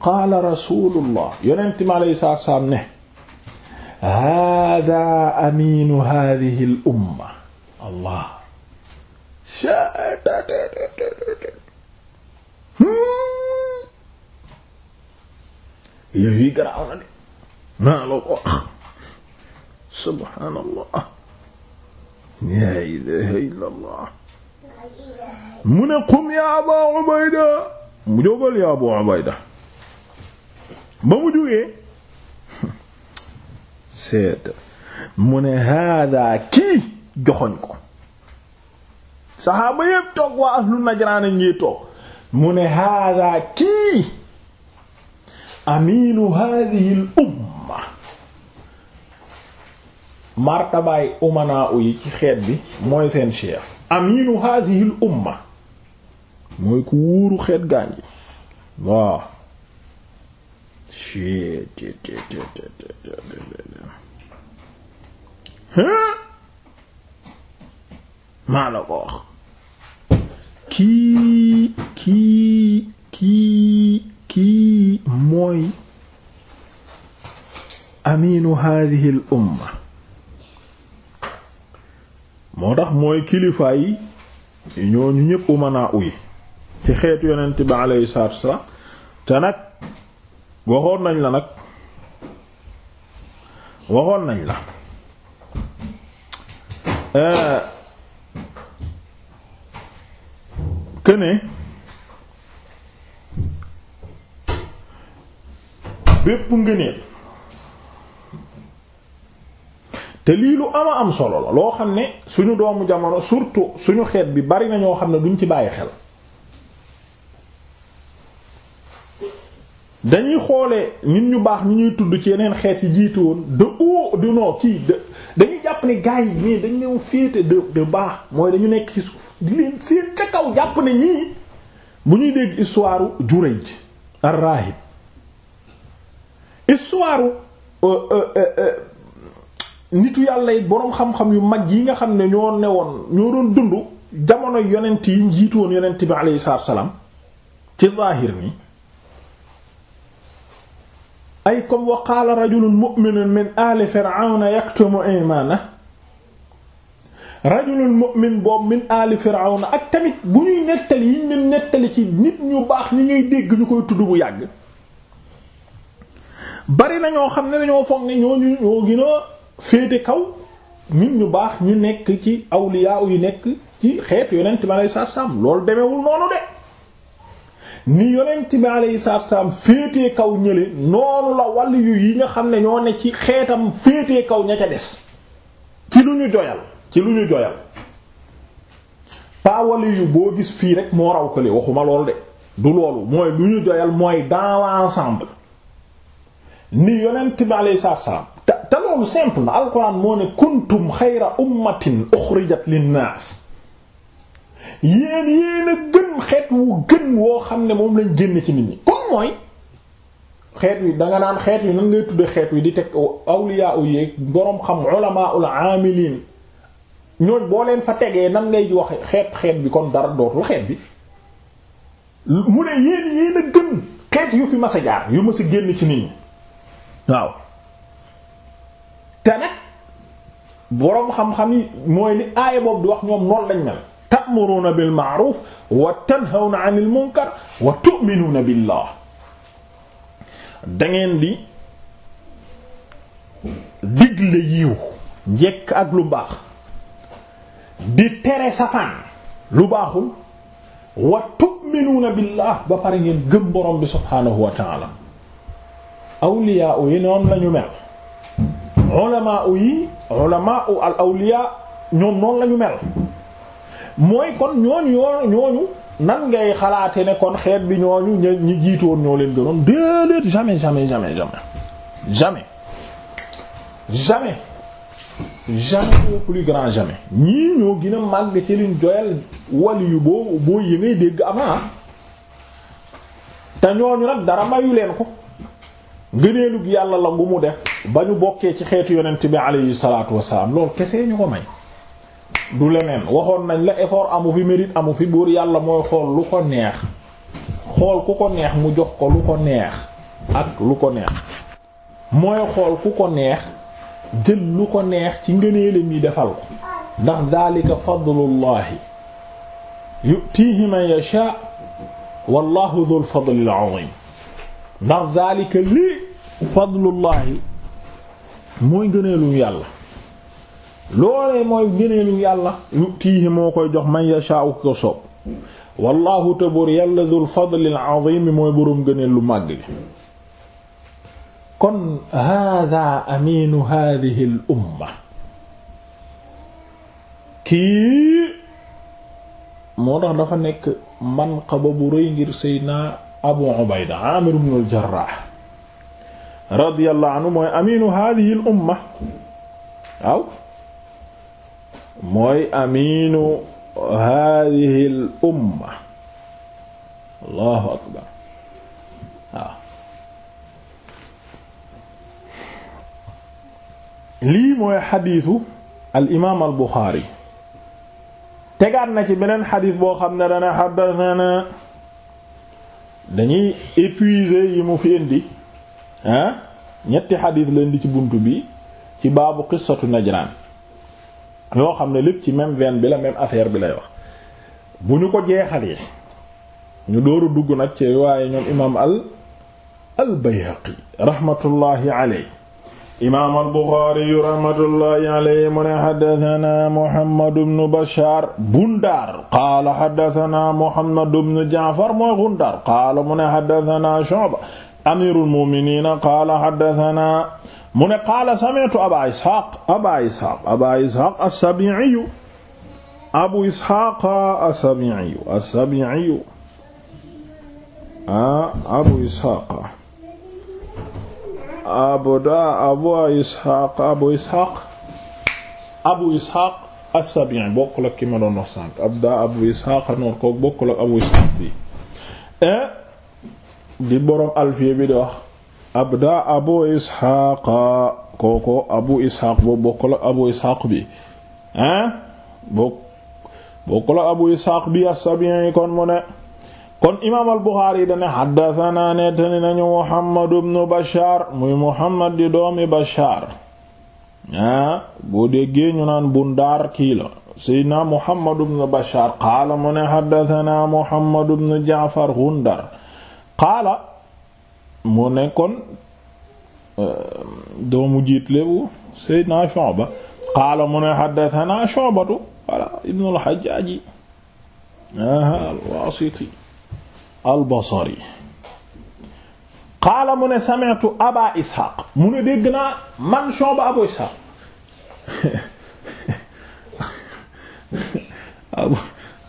qaala rasulullah yonent mi alayhi salaatu salaam ne hada aminu hadihi al umma allah Hmm? yëf yi garaaw na de la ko wax subhaanallah laa ilaaha illallah mu ne qum yaa Abaa Ubayda mu jógal yaa Abaa Ubayda ba mu jógee seet mu ne haadaa kii joxoñ ko saxaaba yépp toog waa ahlu Najraan ngi toog mu ne haadaa kii amiinu haadihi l martabaay umanaa yi ci xeet bi mooy seen chef amiinu haadihi l umma mooy ku wóoru xeet gaañ ji waaw maa la ko wax kii kii kii kii mooy amiinu hadihi l umma moo tax mooy kilifa yi ñooñu ñépp umanaa uy ci xeetu yonent bi alayhi salaatu wassalaam te nag waxoon nañ la nag waxoon nañ la këne bépp ngëneel te lii lu ama am solo la loo xam ne suñu doomu jamono surtout suñu xeet bi bari na ñoo xam ne duñ ci bàyyi xel dañuy xoole nit ñu baax ñu ñuy tudd ci yeneen xeet yi jiitu woon de haut du non kii dañuy jàpp ne gars yi mais dañ leen féete de de baax mooy dañu nekk ci suuf di leen seen ca kaw jàpp ne ñii bu ñuy dégg histoire Jurayj ar-rahib histoire euh, euh, euh, nitu yàlla yi boroom xam-xam yu mag yi nga xam ne ñoo woon ñoo doon dund jamono yonent yi woon yonent bi alayhi salaam ci zaahir ni ay comme wa qaala rajulun mu'minun min aali firawna yaktumu imaana rajulun mu'min boobu min aali firawna ak tamit bu ñuy nettali yiñ leen nettali ci nit ñu baax ñi ngay dégg ñu koy tudd bu yàgg bari na ñoo xam ne dañoo foog ne ñooñu ñoo gën féete kaw nit ñu baax ñi nekk ci awliya yu nekk ci xeet yonent ma lay sarsam loolu demewul noonu de ni yonent bi alayhi salaatu wa salaam féetee kaw ñële noonu la wàll yi nga xam ne ñoo ne ci xeetam féetee kaw ña ca des ci lu ñu joyal ci lu ñu joyal pas wàll boo gis fii rek moo raw kële waxuma lool de du loolu mooy lu ñu joyal mooy dans l'ensemble ni yonent bi alayhi salaatu wa salaam te te loolu simple na alxuraan moo ne kuntum xayra ummatin uxrijat linnaas yéen yéen a gën xeet wu gën woo xam ne moom lañ génn ci nit ñi comme mooy xeet wi danga naan xeet wi nan ngay tudde xeet wi di teg awliya u yéeg boroom xam ulama ul amilin ñooñ boo leen fa tegee nan ngay wax xeet xeet bi kon dara dootul xeet bi mu ne yéen yéen a gën xeet yu fi mas jaar yu mas a génn ci nit ñi waaw te nag boroom xam-xam yi mooy li aaya boobu di wax ñoom noonu lañ mel ta'muruna bil ma'ruf wa tanhawna 'anil munkar wa tu'minuna billah dangeen di digle yiw njekk ak lu baax di tere safaan lu baaxul wa tu'minuna billah ba pare ngeen gëm borom bi subhaanahu wa ta'ala awliyaa yi noonu lañu mel ulamaa yi ulamaa al awliyaa ñoom noonu lañu mel mooy kon ñooñu ñoo ñooñu nan ngay xalaate ne kon xeet bi ñooñu ñu jiitoon ñoo leen gënoon déedéet jamais jamais jamais jamais jamais jamais jamais au plus grand jamais ñii ñoo gën a ci liñ joyal wàll yu boo boo yi ngay dégg avant ah. te ñooñu nag dara mayu leen ko ngëneelug yàlla la gu mu def ba ñu bokkee ci xeetu yonent bi alayhi salaatu wassalaam loolu kese ñu ko may du leneen waxoon nañ la effort amu fi mérite amu fi buur yàlla mooy xool lu ko neex xool ku ko neex mu jox ko lu ko neex ak lu ko neex mooy xool ku ko neex jël lu ko neex ci ngëneelam yi defal ko ndax daalika fadlullahi yutiihi man yasha wallahu dhul fadlil azim ndax daalika mooy ngëneelum yàlla loolee mooy ngëneelu yàlla yutiihi moo koy jox man yashaa'u ko soob wallahu tabor yàlla dul fadlil azim mooy boroom ngëneel lu màgg kon hada aminu hadihi l umma moo tax dafa nekk manqaba bu rëy ngir seydna abu ubayda amir ibn al jarrah radiyallahu anhu mooy aminu hadihi mooy amiinu hadihi allahu akbar lii mooy xadiisu al imaam al buxaari tegaat na ci beneen xadiis boo xam ne dana xaddathana dañuy épuiser yi mu fi indi ñetti xadiis la indi ci bunt bi ci baabu qissatu najraan yoo xam ne lépp ci même veine bi la même affaire bi lay bu ñu ko jeexalee ñu dooru dugg nag ci waaye ñoom imaam al al Bayhaqi rahmatullahi alayhi imaam al Buxaari mu ne xaddatanaa Muhammad ibnu Bashaar mu ne xaddatanaa Shu'ba amiirul mu'miniin qaala xaddatanaa mu ne qaala sami'tu aba isxaaq aba isxaaq aba isxaaq as-Sabi'i abu isxaaq as-Sabi'i as-Sabi'i ah abu isxaaq abu da abu isxaaq abu isxaaq abu isxaaq as-Sabi'i bokkul ak ki ma doon wax sànq abda abu isxaaq noor ko bokkul ak abu isxaaq bi eh, di borom alfiya bi di wax abda abu isxaaqa kooko abu isxaaq boobu bokk la abu isxaaq bi ah bokk bokk la abu isxaaq bi as-Sabi'i kon mu ne kon imaam al-Buxaari dane xaddatanaa nettani nañu Muhammadu bnu Bashar muy Muhammad di doomi Bashar ah boo déggee ñu naan bundaar kii la seydna Muhammadu bnu Bashar qaala mu ne xaddatanaa Muhammadu bnu Jaafar Gundar qaala mu nekkoon euh, doomu jiit lébu Seydina Shu'ba qaala mu ne haddathana Shu'batu voilà ibnu al-Hajjaj al-Wasiti al-Basri qaala mu ne sami'tu Aba Ishaq mu ne dégg naa man Shu'ba Abu Ishaq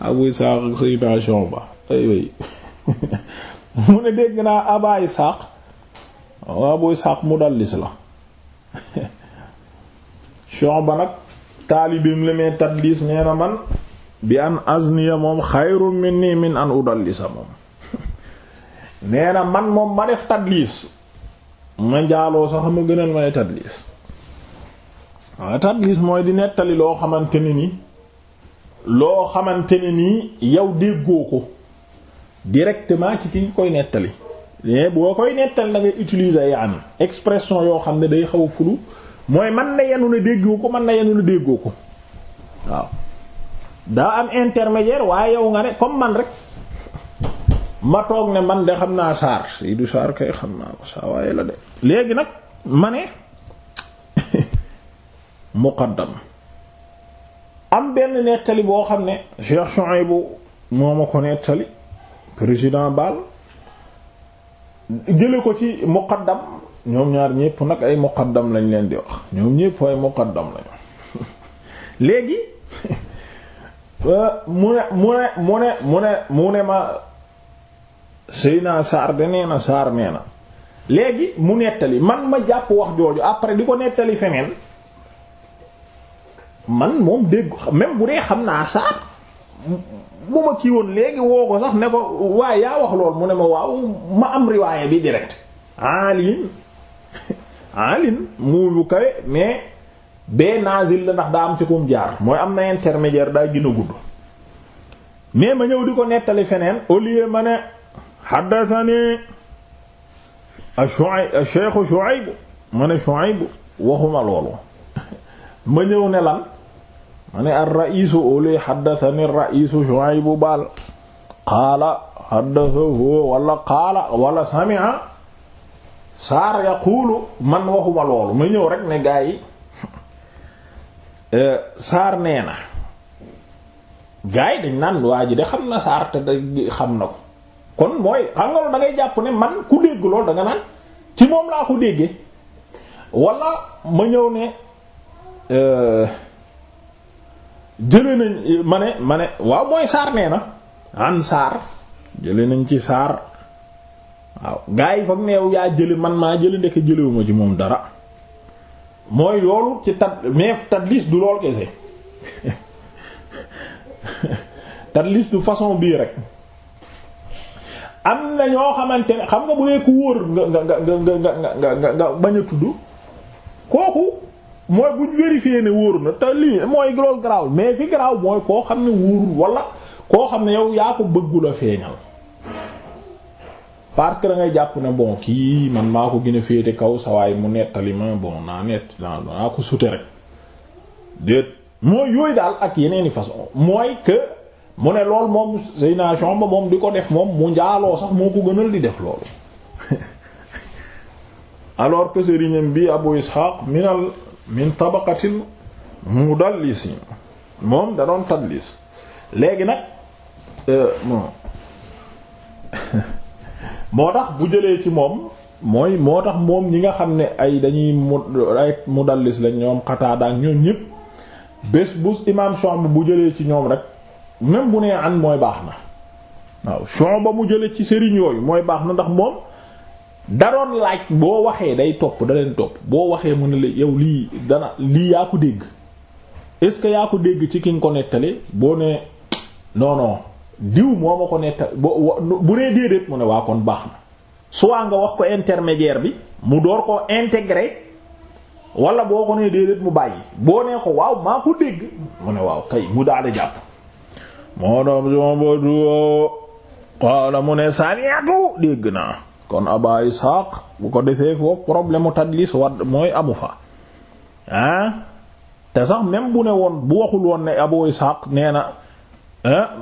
Abu Ishaq Seydina Shu'ba ay way mu ne dégg naa aba isaaq abu isaaq mudallis la Shu'ba nag taalibim la tadlis nee man bi an azniya moom xayrun minni min an udallisa moom nee na man moom ma def tadlis ma njaaloo sax ma gënal may tadlis waaw tadlis mooy di nettali loo xamante ne ni loo xamante ne nii yow déggoo ko directement ci ki nga koy nettali mais boo koy nettali da ngay utiliser yaan expression yoo xam ne day xaw a fulu mooy man na yenu na déggoo ko man na yenu na déggoo ko waaw daa am intermédiaire waaye yow nga ne comme man rek ma toog ne man de xam naa Saar Seydou Saar kay xam naa ko saa waaye la de léegi nag ma ne muqaddam am benn nettali boo xam ne Cheikh Shuaybu moo ma ko nettali président Bal jële ko ci muqaddam ñoom ñaar ñépp nag ay muqaddam lañ leen di wax ñoom ñépp ay muqaddam lañu léegi euh, mu ne mu ne mu ne mu ne mu ne ma sëy naa saar de nee na saar nee na léegi mu nettali man ma jàpp wax jooju après di ko nettali feneen man moom dégg même bu dee xam naa saar bu ma kii woon léegi woo ko sax ne ko waaye yaa wax lool mu ne ma waaw ma am riwaaye bii direct alin alin mu bu kawe mais bee nazil la ndax daa am ci kum jaar mooy am na intermédiaire daa gën a gudd mais ma ñëw di ko nettali feneen au lieu ma ne haddathani a Cheikh Shuayb ma ne Shuayb waxuma loolu ma ñëw ne lan ma ne ar ra'isu uli xaddatani raisu Shuaybu baal qaala xaddathahu wala qaala wala sami'a saar yaquulu man waxuma loolu ma ñëw rek ne gaa yi eh, saar nee na gaa yi dañ naan waa ji de xam na saar te da xam ko kon mooy xam nga loolu da ngay jàpp ne man ku dégg loolu da naan ci moom laa ko déggee wala ma ñëw ne eh, jële nañ mane ne waaw mooy saar nee na an saar jële nañ ci saar waaw gaa yi foog neew yaa jële man maa jële ndekk jëlewuma ci moom dara mooy loolu ci tat mais tadlis du lool kese tadlis du façon bii rek am na ñoo xamante ne xam nga bu dee ku wóor nga nga nga nga nga bañ a tudd kooku mooy buñ vérifier ne wóor na te lii mooy loolu garaaw mais fi garaaw mooy koo xam ne wóorul wala koo xam ne yow yaa ko bëggul a feeñal parce que da ngay jàpp ne bon kii man maa ko gën a féete kaw sawaay mu nettali ma bon naa nett naa ko sute rek déet mooy yooyu daal ak yeneeni façon mooy que mu ne lool moom Seydina Chouba moom di ko def moom mu njaaloo sax moo ko gënal di def loolu alors que sëriñam bi Abu Ishaq minal min tabaqatil mudallisin moom da doon tadlis léegi nag euh, bon moo tax bu jëlee ci moom mooy moo tax moom ñi nga xam ne ay dañuy mu ay mudallis lañ ñoom Qataada ak ñoom ñëpp bés bu imaam Shu'ba bu jëlee ci ñoom rek même bu nee an mooy baax na waaw ba mu jëlee ci sëriñ yooyu mooy baax na ndax moom. da doon laaj boo waxee day topp da leen topp boo waxee mu ne la yow lii dana lii yaa ko dégg est-ce que yaa ko dégg ci ki ko nettali boo ne non diw moo ma ko nettali bu nee déedéet mu ne kon baax na soit nga wax ko intermédiaire bi mu door koo intégrer wala boo ko boo nee waaw maa ko dégg mu ne waaw kay mu daal di jàpp. moo doon su ma boo tuwoo xoola mu ne sami'tu dégg naa. kon aba ishaq bu ko defee foofu problème mu tadlis wadd mooy amu fa ah te sax même bu ne woon bu waxul woon ne abu ishaq nee na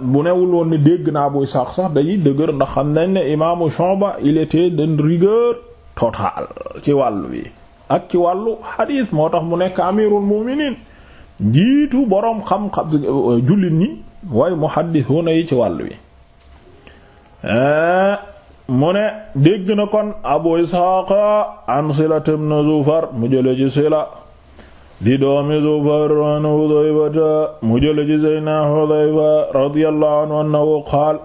bu newul woon ne dégg na abu ishaq sax day dëgër ndax xam nañ ne imaamu Shu'ba ba était d'une rigueur totale ci wàllu wi ak ci wàllu xadiis moo tax mu nekk amirul mu'minin njiitu boroom xam-xam jullit mu waaye muhaddisuuna yi ci wàllu wi mu ne dégg na kon abu isxaaqa an silat ibn zufar mu jële ci sila di doomi zufar an hudayfata mu jële ci sayna hudayfa radiyallahu anhu annahu qaal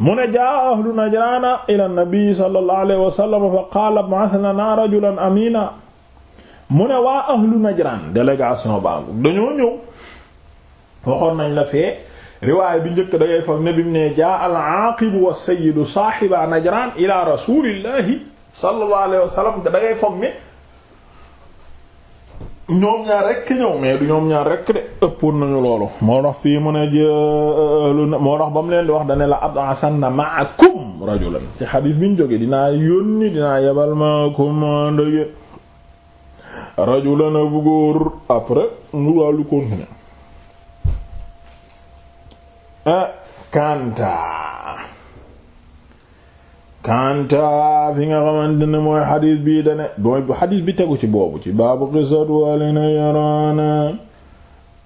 mu ne jaa ahlu najrana ila nabi sallallahu alayhi wa sallam fa qaala ba'athna rajulan amina mu ne waa ahlu najran délégation baa dañoo ñëw waxoon nañ la fee riwaaya bi njëkk da ngay foog ne bi mu ne jaa al aaqibu wa sayyidu saahiba najraan ila rasulillahi sallallahu alayhi wa sallam da ngay foog ne ñoom ñaar rekk ñëw mais du ñaar rekk de ëppoon nañu loolu moo tax fii mu ne jëlu moo tax ba mu leen di wax dane la ab'asanna ma'akum rajulan ci xadiis bi ñu jóge dinaa yónni dinaa ma'akum andëye rajulan bu góor après ñu wàllu continuer kanta kanta fi nga xamante ne mooy xadis bi dane mooy xadis bi tegu ci boobu ci baabu qissatu ahli najraana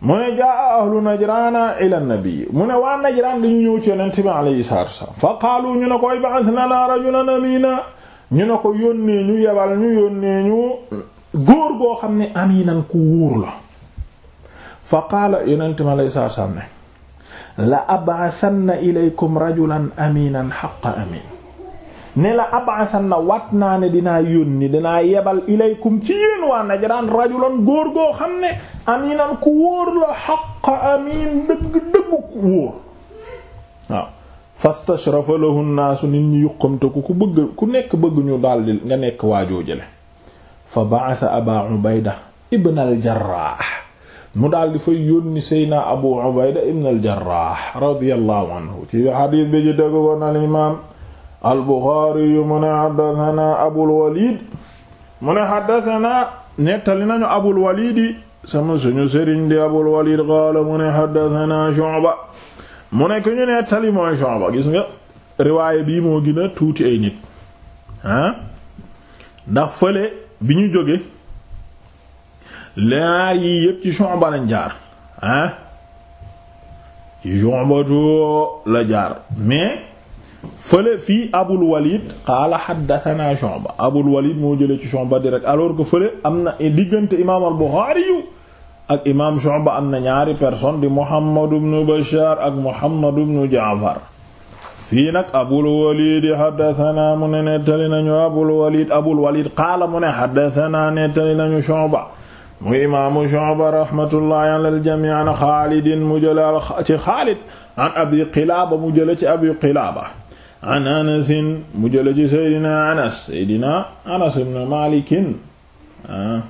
mu ne jaa ahlu najraana ila nabi mu waa najraan dañu ñëw ci yonent bi alayhi salaatu wasalaam fa qaalu ñu ne ko ib'ath lanaa rajulan amiina ñu ne ko yónnee ñu yebal ñu yónnee ñu góor goo xam ne aminan ku wóor la fa qaala yonent bi alayhi salaatu wasalaam ne la ab'athanna ilaykum rajulan aminan haqqa amin ne la ab'athanna wat naa ne dina yónni dinaa yebal ilaykum ci yéen waa Najraan rajulan góor goo xam ne aminan ku wóor la haqqa amin dëgg dëgg ku wóor waaw lahu nnaasu nit ñi yuqamte ku ku bëgg ku nekk bëgg nga nekk waajoo jële fa ba'atha aba Ubayda ibn al mu daal di fay yónni seyna abu ubayda ibn al jarrah radiyallahu anhu ci xadiis bi ji dëgg woon al imaam al buxaari yu mu ne xaddasanaa abul waliid mu ne xaddasanaa nettali nañu abul waliidi sama suñu sëriñ di abul waliid qaala mu ne xaddasanaa shu'ba mu ne ku ñu nettali mooy shu'ba gis bii moo gën a tuuti ay nit ah ndax fële bi ñu jóge laa yii yépp ci Shu'ba lañ jaar ah ci Shu'ba la jaar mais fële fii Abul Walid qaala haddathana Shu'ba Abul Walid moo jëlee ci Shu'ba direct alors que fële am na diggante imaam al-Bukhari yu ak imaam Shu'ba am na ñaari personne di Muhammad ibn Bashar ak Muhammad ibn Ja'far fii nag Abul Walid haddathana mu ne nettali nañu Abul Walid Abul Walid qaala mu ne haddathana nettali nañu Shu'ba mu imaamu Shu'ba rahmatullahi ala al-jamii' an Xaalidin mu jële ci Xaalid an Abi Qilaaba mu jële ci Abi Qilaaba an Anasin mu jële ci Seydina Anas Seydina Anas ibn Maalik ah.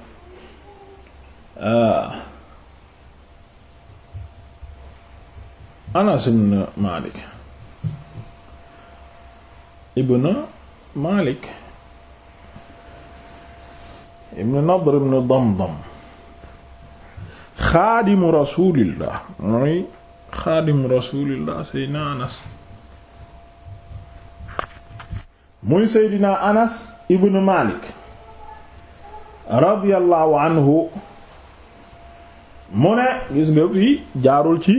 Anas ibn Maalik ibn Maalik ibn Nadr ibn Damdam xaadimu rasulillah mooy xaadimu rasulillah seydina anas muy seydina anas ibnu malik radiyallahu anhu mu ne gis nga fii jaarul ci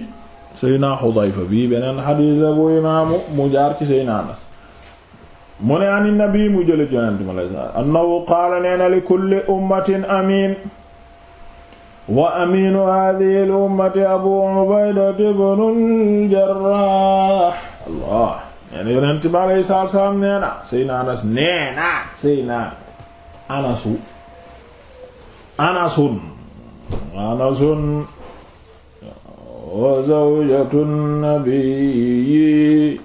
seydina xudayfa bii beneen xadiis la bu imaamu mu jaar ci seydina anas mu ne an nabi mu jële jonente ma lay annahu qaala nee na li kulli ummatin amin wa amiinu haadihi al-ummati abu ubayda ibnu al-jarraah allah nee na yonent bi alayhi salaatu wa salaam nee na seyna anas nee na seyna anasu anasun anasun wa zawjatu nabiyyi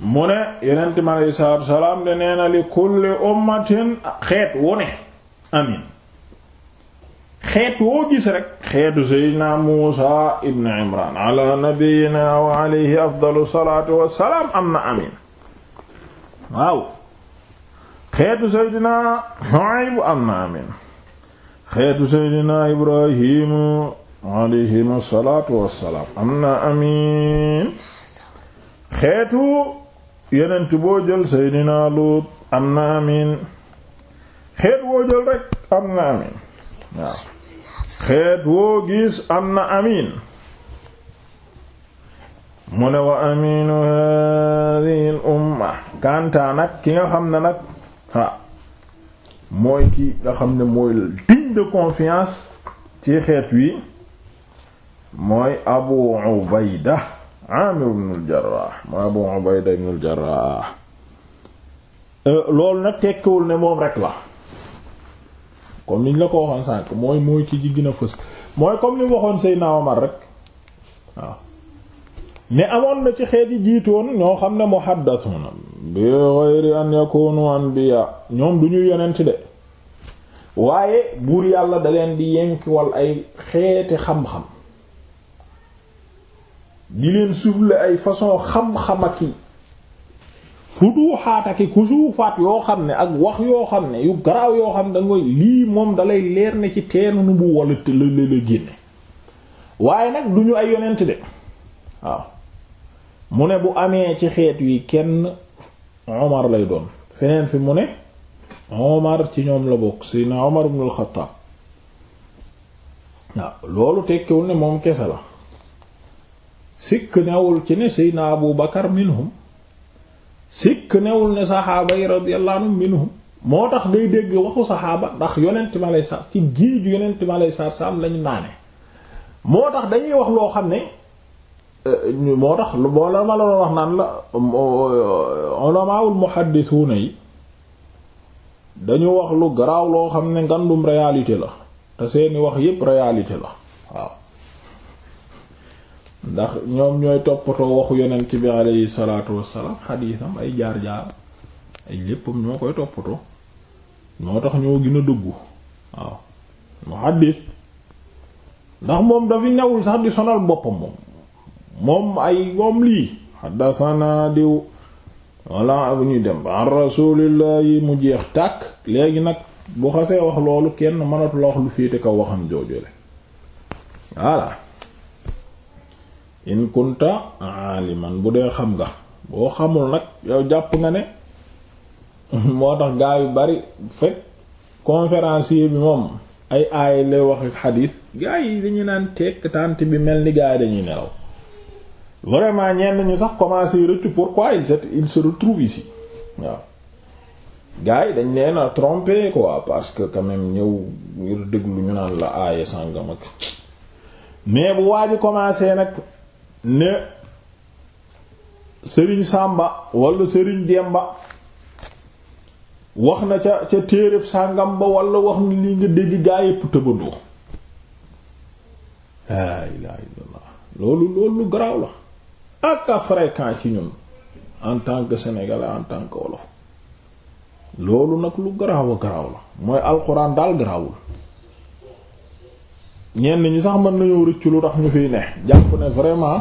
mu ne yonent bi alayhi salaatu wa salaam de nee na li kulli ummatin xeet wu ne amiin xeet woo gis rek xeetu seydina Muusa ibn Imran ala nabiyyina wa alayhi afdalu salaatu wassalaam am na amin waaw xeetu seydina Shuayb am na amin xeetu seydina Ibrahim alayhim salaatu wassalaam am na amin xeetu yenent boo jël seydina Luut am na amin xeet boo jël rek am na amin waaw xeet woo gis am na amiin mu ne wa amiinu hadihi umma kantaa nag ki nga xam ne nag ah mooy ki nga xam ne mooy digne de confiance ci xeet wi mooy abu ubayda amir ibn al jarrah mooy abu ubayda ibn al euh, loolu nag tekkiwul ne moom rek la comme niñ la ko waxoon sànq mooy mooy ci ji gën fës mooy comme ni waxoon Seydina Omar rek waaw mais amoon na ci xeet yi jiitoon ñoo xam ne muhaddathuna bi ghayri an yakunu anbiya ñoom du ñu yonent de waaye buur yàlla da leen di yenkiwal ay xeeti xam-xam di leen souffler ay façon xam-xam ak yi futuxaat ak kusuufaat yoo xam ne ak wax yoo xam ne yu garaaw yoo xam ne da ngoy lii moom dalay leer ne ci teenu nu bu walla la la génne waaye nag duñu ay yonent de waaw mu ne bu amee ci xeet wi kenn Omar lay doon feneen fi mu ne Omar ci ñoom la bokk Seydina Omar ibn al waaw loolu tekkiwul ne moom kese la sikk newul ci ne Seydina Abu Bakar minhum sikk newul ne saxaaba yi radiyallahu anhum minhum moo tax day dégg waxu saxaaba ndax yonent ma lay saar ci géeju yonent ma lay saar saam lañu naane moo tax dañuy wax loo xam ne euh, moo tax boo la ma la wax naan la euh, ulamaawul muhaddisuuna yi dañu wax lu garaaw loo xam ne ngandum réalité la te seeni wax yépp réalité la waaw ndax ñoom ñooy toppatoo waxu ci bi aleyhi salaatu wassalaam xadiisam ay jaar-jaar ay léppam ñoo koy toppatoo moo tax ñoo gin a dëggu waaw mu xaddis ndax moom dafi newul sax di sonal boppam moom moom ay moom lii xaddasanaa diw walla ak ñuy dem an yi mu jeex tàkk léegi nag bu xasee wax loolu kenn mënatula wax lu féete kaw waxam joojole voilà in kunta aliman bu dee xam nga boo xamul nag yow jàpp nga ne moo tax gaa yu bari fekk conférencier bi moom ay aay lay wax ak xadiis gaa yi dañu naan tekk tànt bi mel ni gaa yi dañuy nelaw vraiment ñeen nañu sax commencé rëccu pourquoi il se il se retrouve ici waaw gaa yi dañ leen a trompé quoi parce que quand même ñëw ngir déglu ñu naan la aaye sàngam ak mais bu waaju commencé nag ne sëriñ Samba wala sëriñ Demba wax na ca ca téereeb sàngam ba wala wax ni li nga dégg gaa yépp tëbandoo loolu loolu garaaw la ak a ci ñun en tant que sénégalais en tant que wolof loolu nag lu garaaw a garaaw la mooy alxuraan daal garaawul ñenn ñi sax mën nañoo rëccu lu tax ñu fiy ne jàpp ne vraiment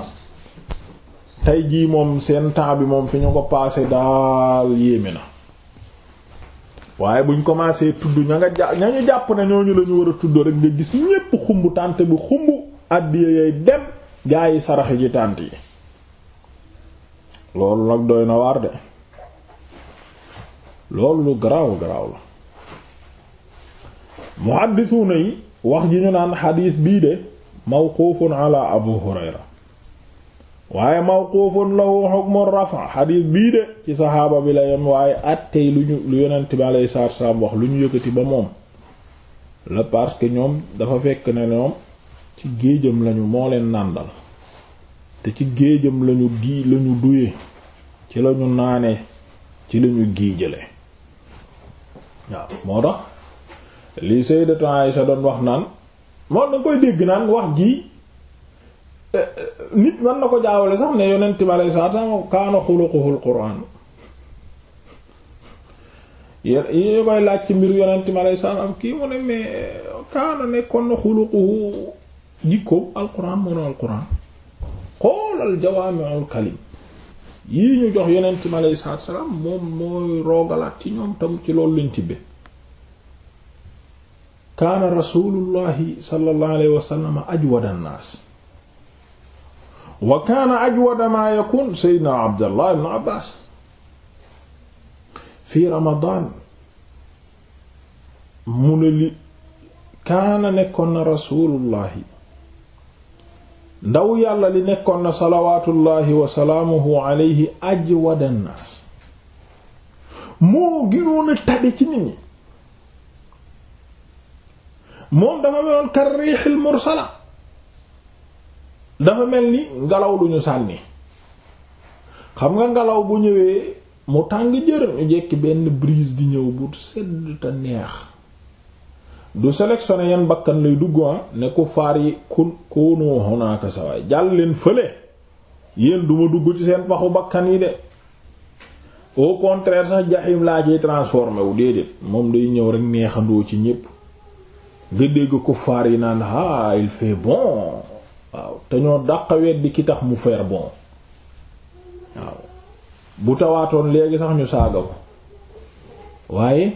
tey jii moom seen temps bi moom fi ñu ko passé daal yéeme na waaye buñ commencé tudd ña nga jàpp ne ñoo la lañu war a tudd rek nga gis ñépp xumb tànt bi xumb àddiya yay dem jaayi saraxi saraxe tànt yi loolu nag doy na waar de loolu lu garaaw garaaw la muhaddisuna yi wax ji ñu naan xadiis bii de mawquufun ala abu hurayra waaye mawquufun lahu hukmu rafa xadiis bii de ci saxaaba bi la yem waaye attey lu ñu lu yonent bi alayhi wax lu ñu yëkkati ba moom la parce que ñoom dafa fekk ne ñoom ci géejam lañu moo leen nàndal te ci géejam lañu di lañu duye ci lañu naane ci lañu giijale waaw moo tax li sayyidatu Aisha doon wax naan moom danga koy dégg naan wax jii eh, eh, nit mën na ko jaawale sax ne yonent bi alayhi salaatu salaam laaj ci mbiru yonent bi alayhi salaatu salaam eh, nekkoon na xuluquhu jikkoom alquran mënoo alquran jox yonent bi alayhi salaatu moom mooy roogalaat ci ñoom tam ci loolu lañ tibbee. kaana rasulullahi sallallahu alayhi wa sallam ajwada nnaas wa kaana ajwada maa yakun seydna abdallah ibn abbas fi ramadan mu ne li kaana nekkoon na rasulullahi ndaw yàlla li nekkoon na salawaatullahi wa salaamuhu alayhi ajwada nnaas moo gënoon a tabe ci nit ñi moom dafa meloon kar riixil mursala dafa mel ni ngelaw lu ñu sànni xam nga ngelaw bu ñëwee mu tàng jër ñu jekki benn brise di ñëw bu sedd te neex du sélectionné yan bakkan lay dugg ah, ne ku faar yi kun koonoo honaaka sawaay jàll leen fële yéen duma dugg ci seen paxu bakkan yi de au contraire sax jaxim laa ciy transformé wu déedéet moom day ñëw rek neexandoo ci ñépp nga dégg kuffaar yi naan ah il fait bon waaw te ñoo dàq weddi ki tax mu faire bon waaw bu tawaatoon léegi sax ñu saaga ko waaye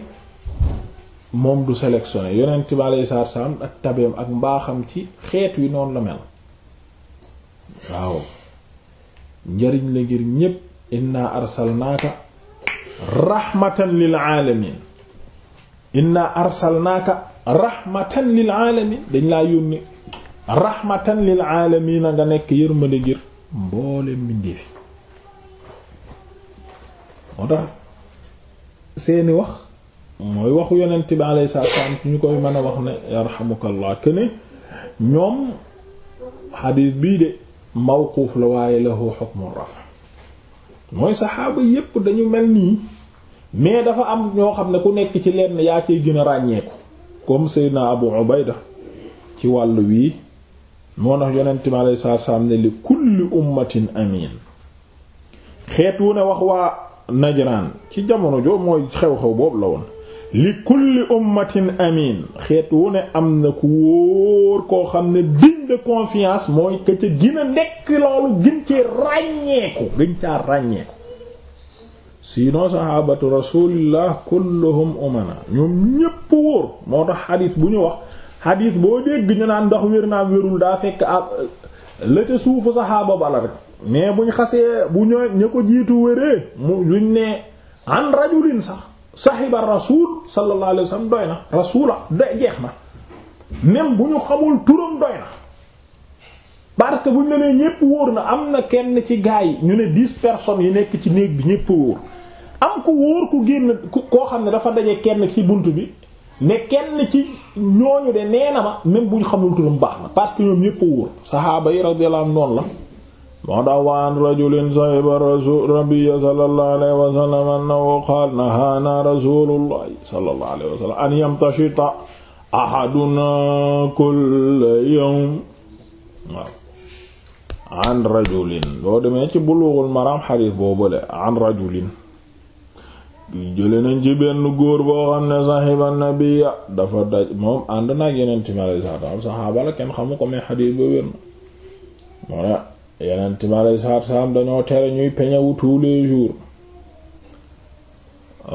moom du sélectionné yonent bi alayhi salaatu salaam tabeem ak mbaaxam ci xeet wi noonu la mel waaw njariñ la ngir ñépp inna arsalnaaka rahmatan lil alamin inna arsalnaaka rahmatan lil alamin dañ laa yónni rahmatan lil na nga nekk yërmande ngir mboolem mbindeef yi moo tax seeni wax mooy waxu yonent bi alayhi salaam ñu koy mën a wax ne yarhamukallah que ne ñoom xadiis bii de mawquuf la waaye lahu hukmu rafa mooy saxaaba yépp dañu mel nii mais dafa am ñoo xam ne ku nekk ci lenn yaa ciy gën a ràññeeku comme Seydina Abu Ubayda ci wàll wii moo tax yonent mi alayhi salaatu salaam ne li kulli ummatin amiin xeet wu ne wax waa Najraan ci jamono joo mooy xew-xew boobu la woon li kulli ummatin amiin xeet wu ne am na ku wóor koo xam ne digne de confiance mooy que ca gina nekk loolu gën cee ràññeeku gën caa ràññeeku sinon sahabatu rasulillah kulluhum umana ñoom ñépp wóor moo tax xadis bu ñu wax xadis boo dégg ñu naan ndax wér naa wérul daa fekk ab la ca suufu saxaaba bala rek mais buñ xasee bu ñoo ña ko jiitu wéree luñ ne an rajulin sax saxiba rasul sallallahu alayhi wasallam doy jeex na même bu ñu xamul turam doy na parce que bu ñu wóor na am na kenn ci gaa yi ñu ne dix personnes yi nekk ci néeg bi ñépp wóor am ku wóor ku génn ku koo xam ne dafa daje kenn ci bunt bi ne kenn ci ñooñu de nee na ma même buñ xamul turam baax na parce que ñoom ñépp a wóor saxaaba yi radiyallahu anhu noonu la moo tax waan rajulin sahiba rasul nabiyyi sallallahu alayhi wa sallam annahu qaal nahaana rasulullahi sallallahu alayhi wa sallam an yamtashita ahaduna kulla yawm waaw an rajulin boo demee ci bulughul maram xadiis boo bële an rajulin jële nañ ci benn góor boo xam ne saxiba nabiya dafa daj moom ànd naag yeneenti mi alei saatu salaam kenn xamu ko may ba wér na mane yeneenti mi alei saatu salaam dañoo tere ñuy peñewu tous les jours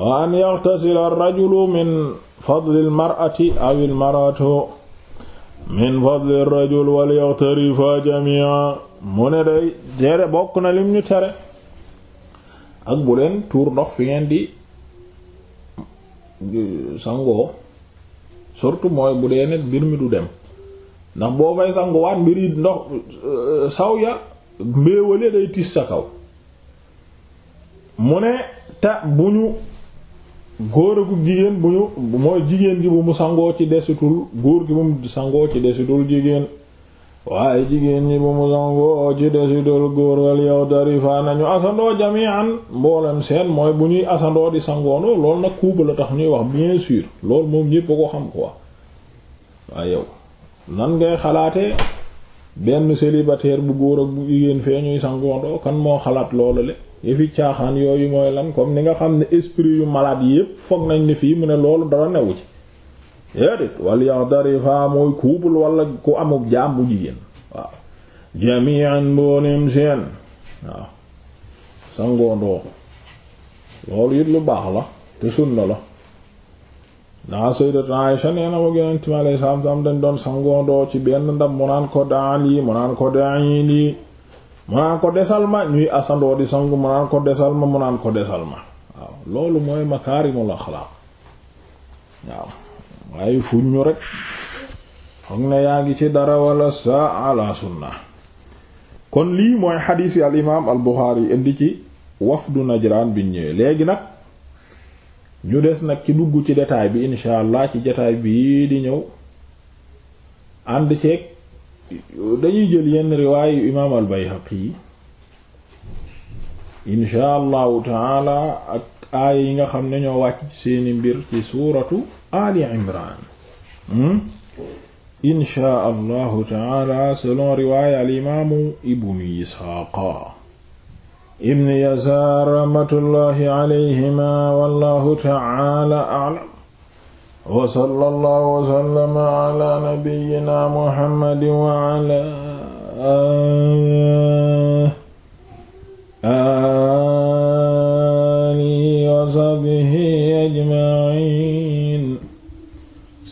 wa an yaxtasila rajulu min fadli lmarati aw lmaratu min fadli rajul wal yaxtarifa jamia mu ne day tere bokk na lim ñu tere ak bu leen tuur ndox fi ngeen di sangoo surtout mooy bu dee nit mbir mi du dem ndax boo fay sanguwaat mbir yi ndox euh, saw ya mbéewale day tis sa kaw mu ne te bu ñu góor ak jigéen bu ñu mooy jigéen gi bu mu sangoo ci desitul góor gi bu mu sangoo ci desitul jigéen waaye jigéen ñi bu mu sangoo ci desital góor wal yow tarifa nañu asandoo an mboolem seen mooy bu ñuy asandoo di sangoonoo loolu nag kuuba la tax ñuy wax bien sûr lool moom ñépp ko xam quoi waaye yow nan ngay xalaatee benn célibataire bu góor ak bu jigéen fee ñuy sangoondoo kan moo xalaat loolu le yëfi caaxaan yooyu mooy lan comme ni nga xam ne esprit yu malade yépp foog nañ ni fii mu ne loolu dara newu ci déedéet wal yaxdarifa mooy couple wala ku amuk jaam bu jigéen waaw jamian boonim seen waaw sa loolu it lu baax la te sunna la daa sayyidat Aisha nee na ma Yonent mi alayhi salaam salaam dañ doon sangoondoo ci benn ndab mu naan ko daan lii mu naan ko daan lii mu naan ko desal ma ñuy asandoo di sangu mu naan ko desal ma mu naan ko desal ma waaw loolu mooy makaarimul axlaaq waaw waaye fuñ ñu rek foog ne yaa ngi ci dara wala sa ala sunna kon lii mooy xadiis yi al imaam al Buxaari indi ci wafdu Najraan bi ñëwee léegi nag ñu des nag ci dugg ci détail bi insha allah ci détail bii di ñëw ànd ceeg dañuy jël yenn riwaayu imaam al Bayhaqi yi insha allahu taala ak aaya yi nga xam ne ñoo wàcc seeni mbir ci suuratu ali imran hmm? inshaa allahu taala selon riwaaya al imaamu ibnu isxaaqa ibni yasaar raxmatullahi alayhima wallahu taala alam wa sallallahu wa sallama ala nabiyyina muhammadin wa ala aalihi wa sahbihi ajmaciin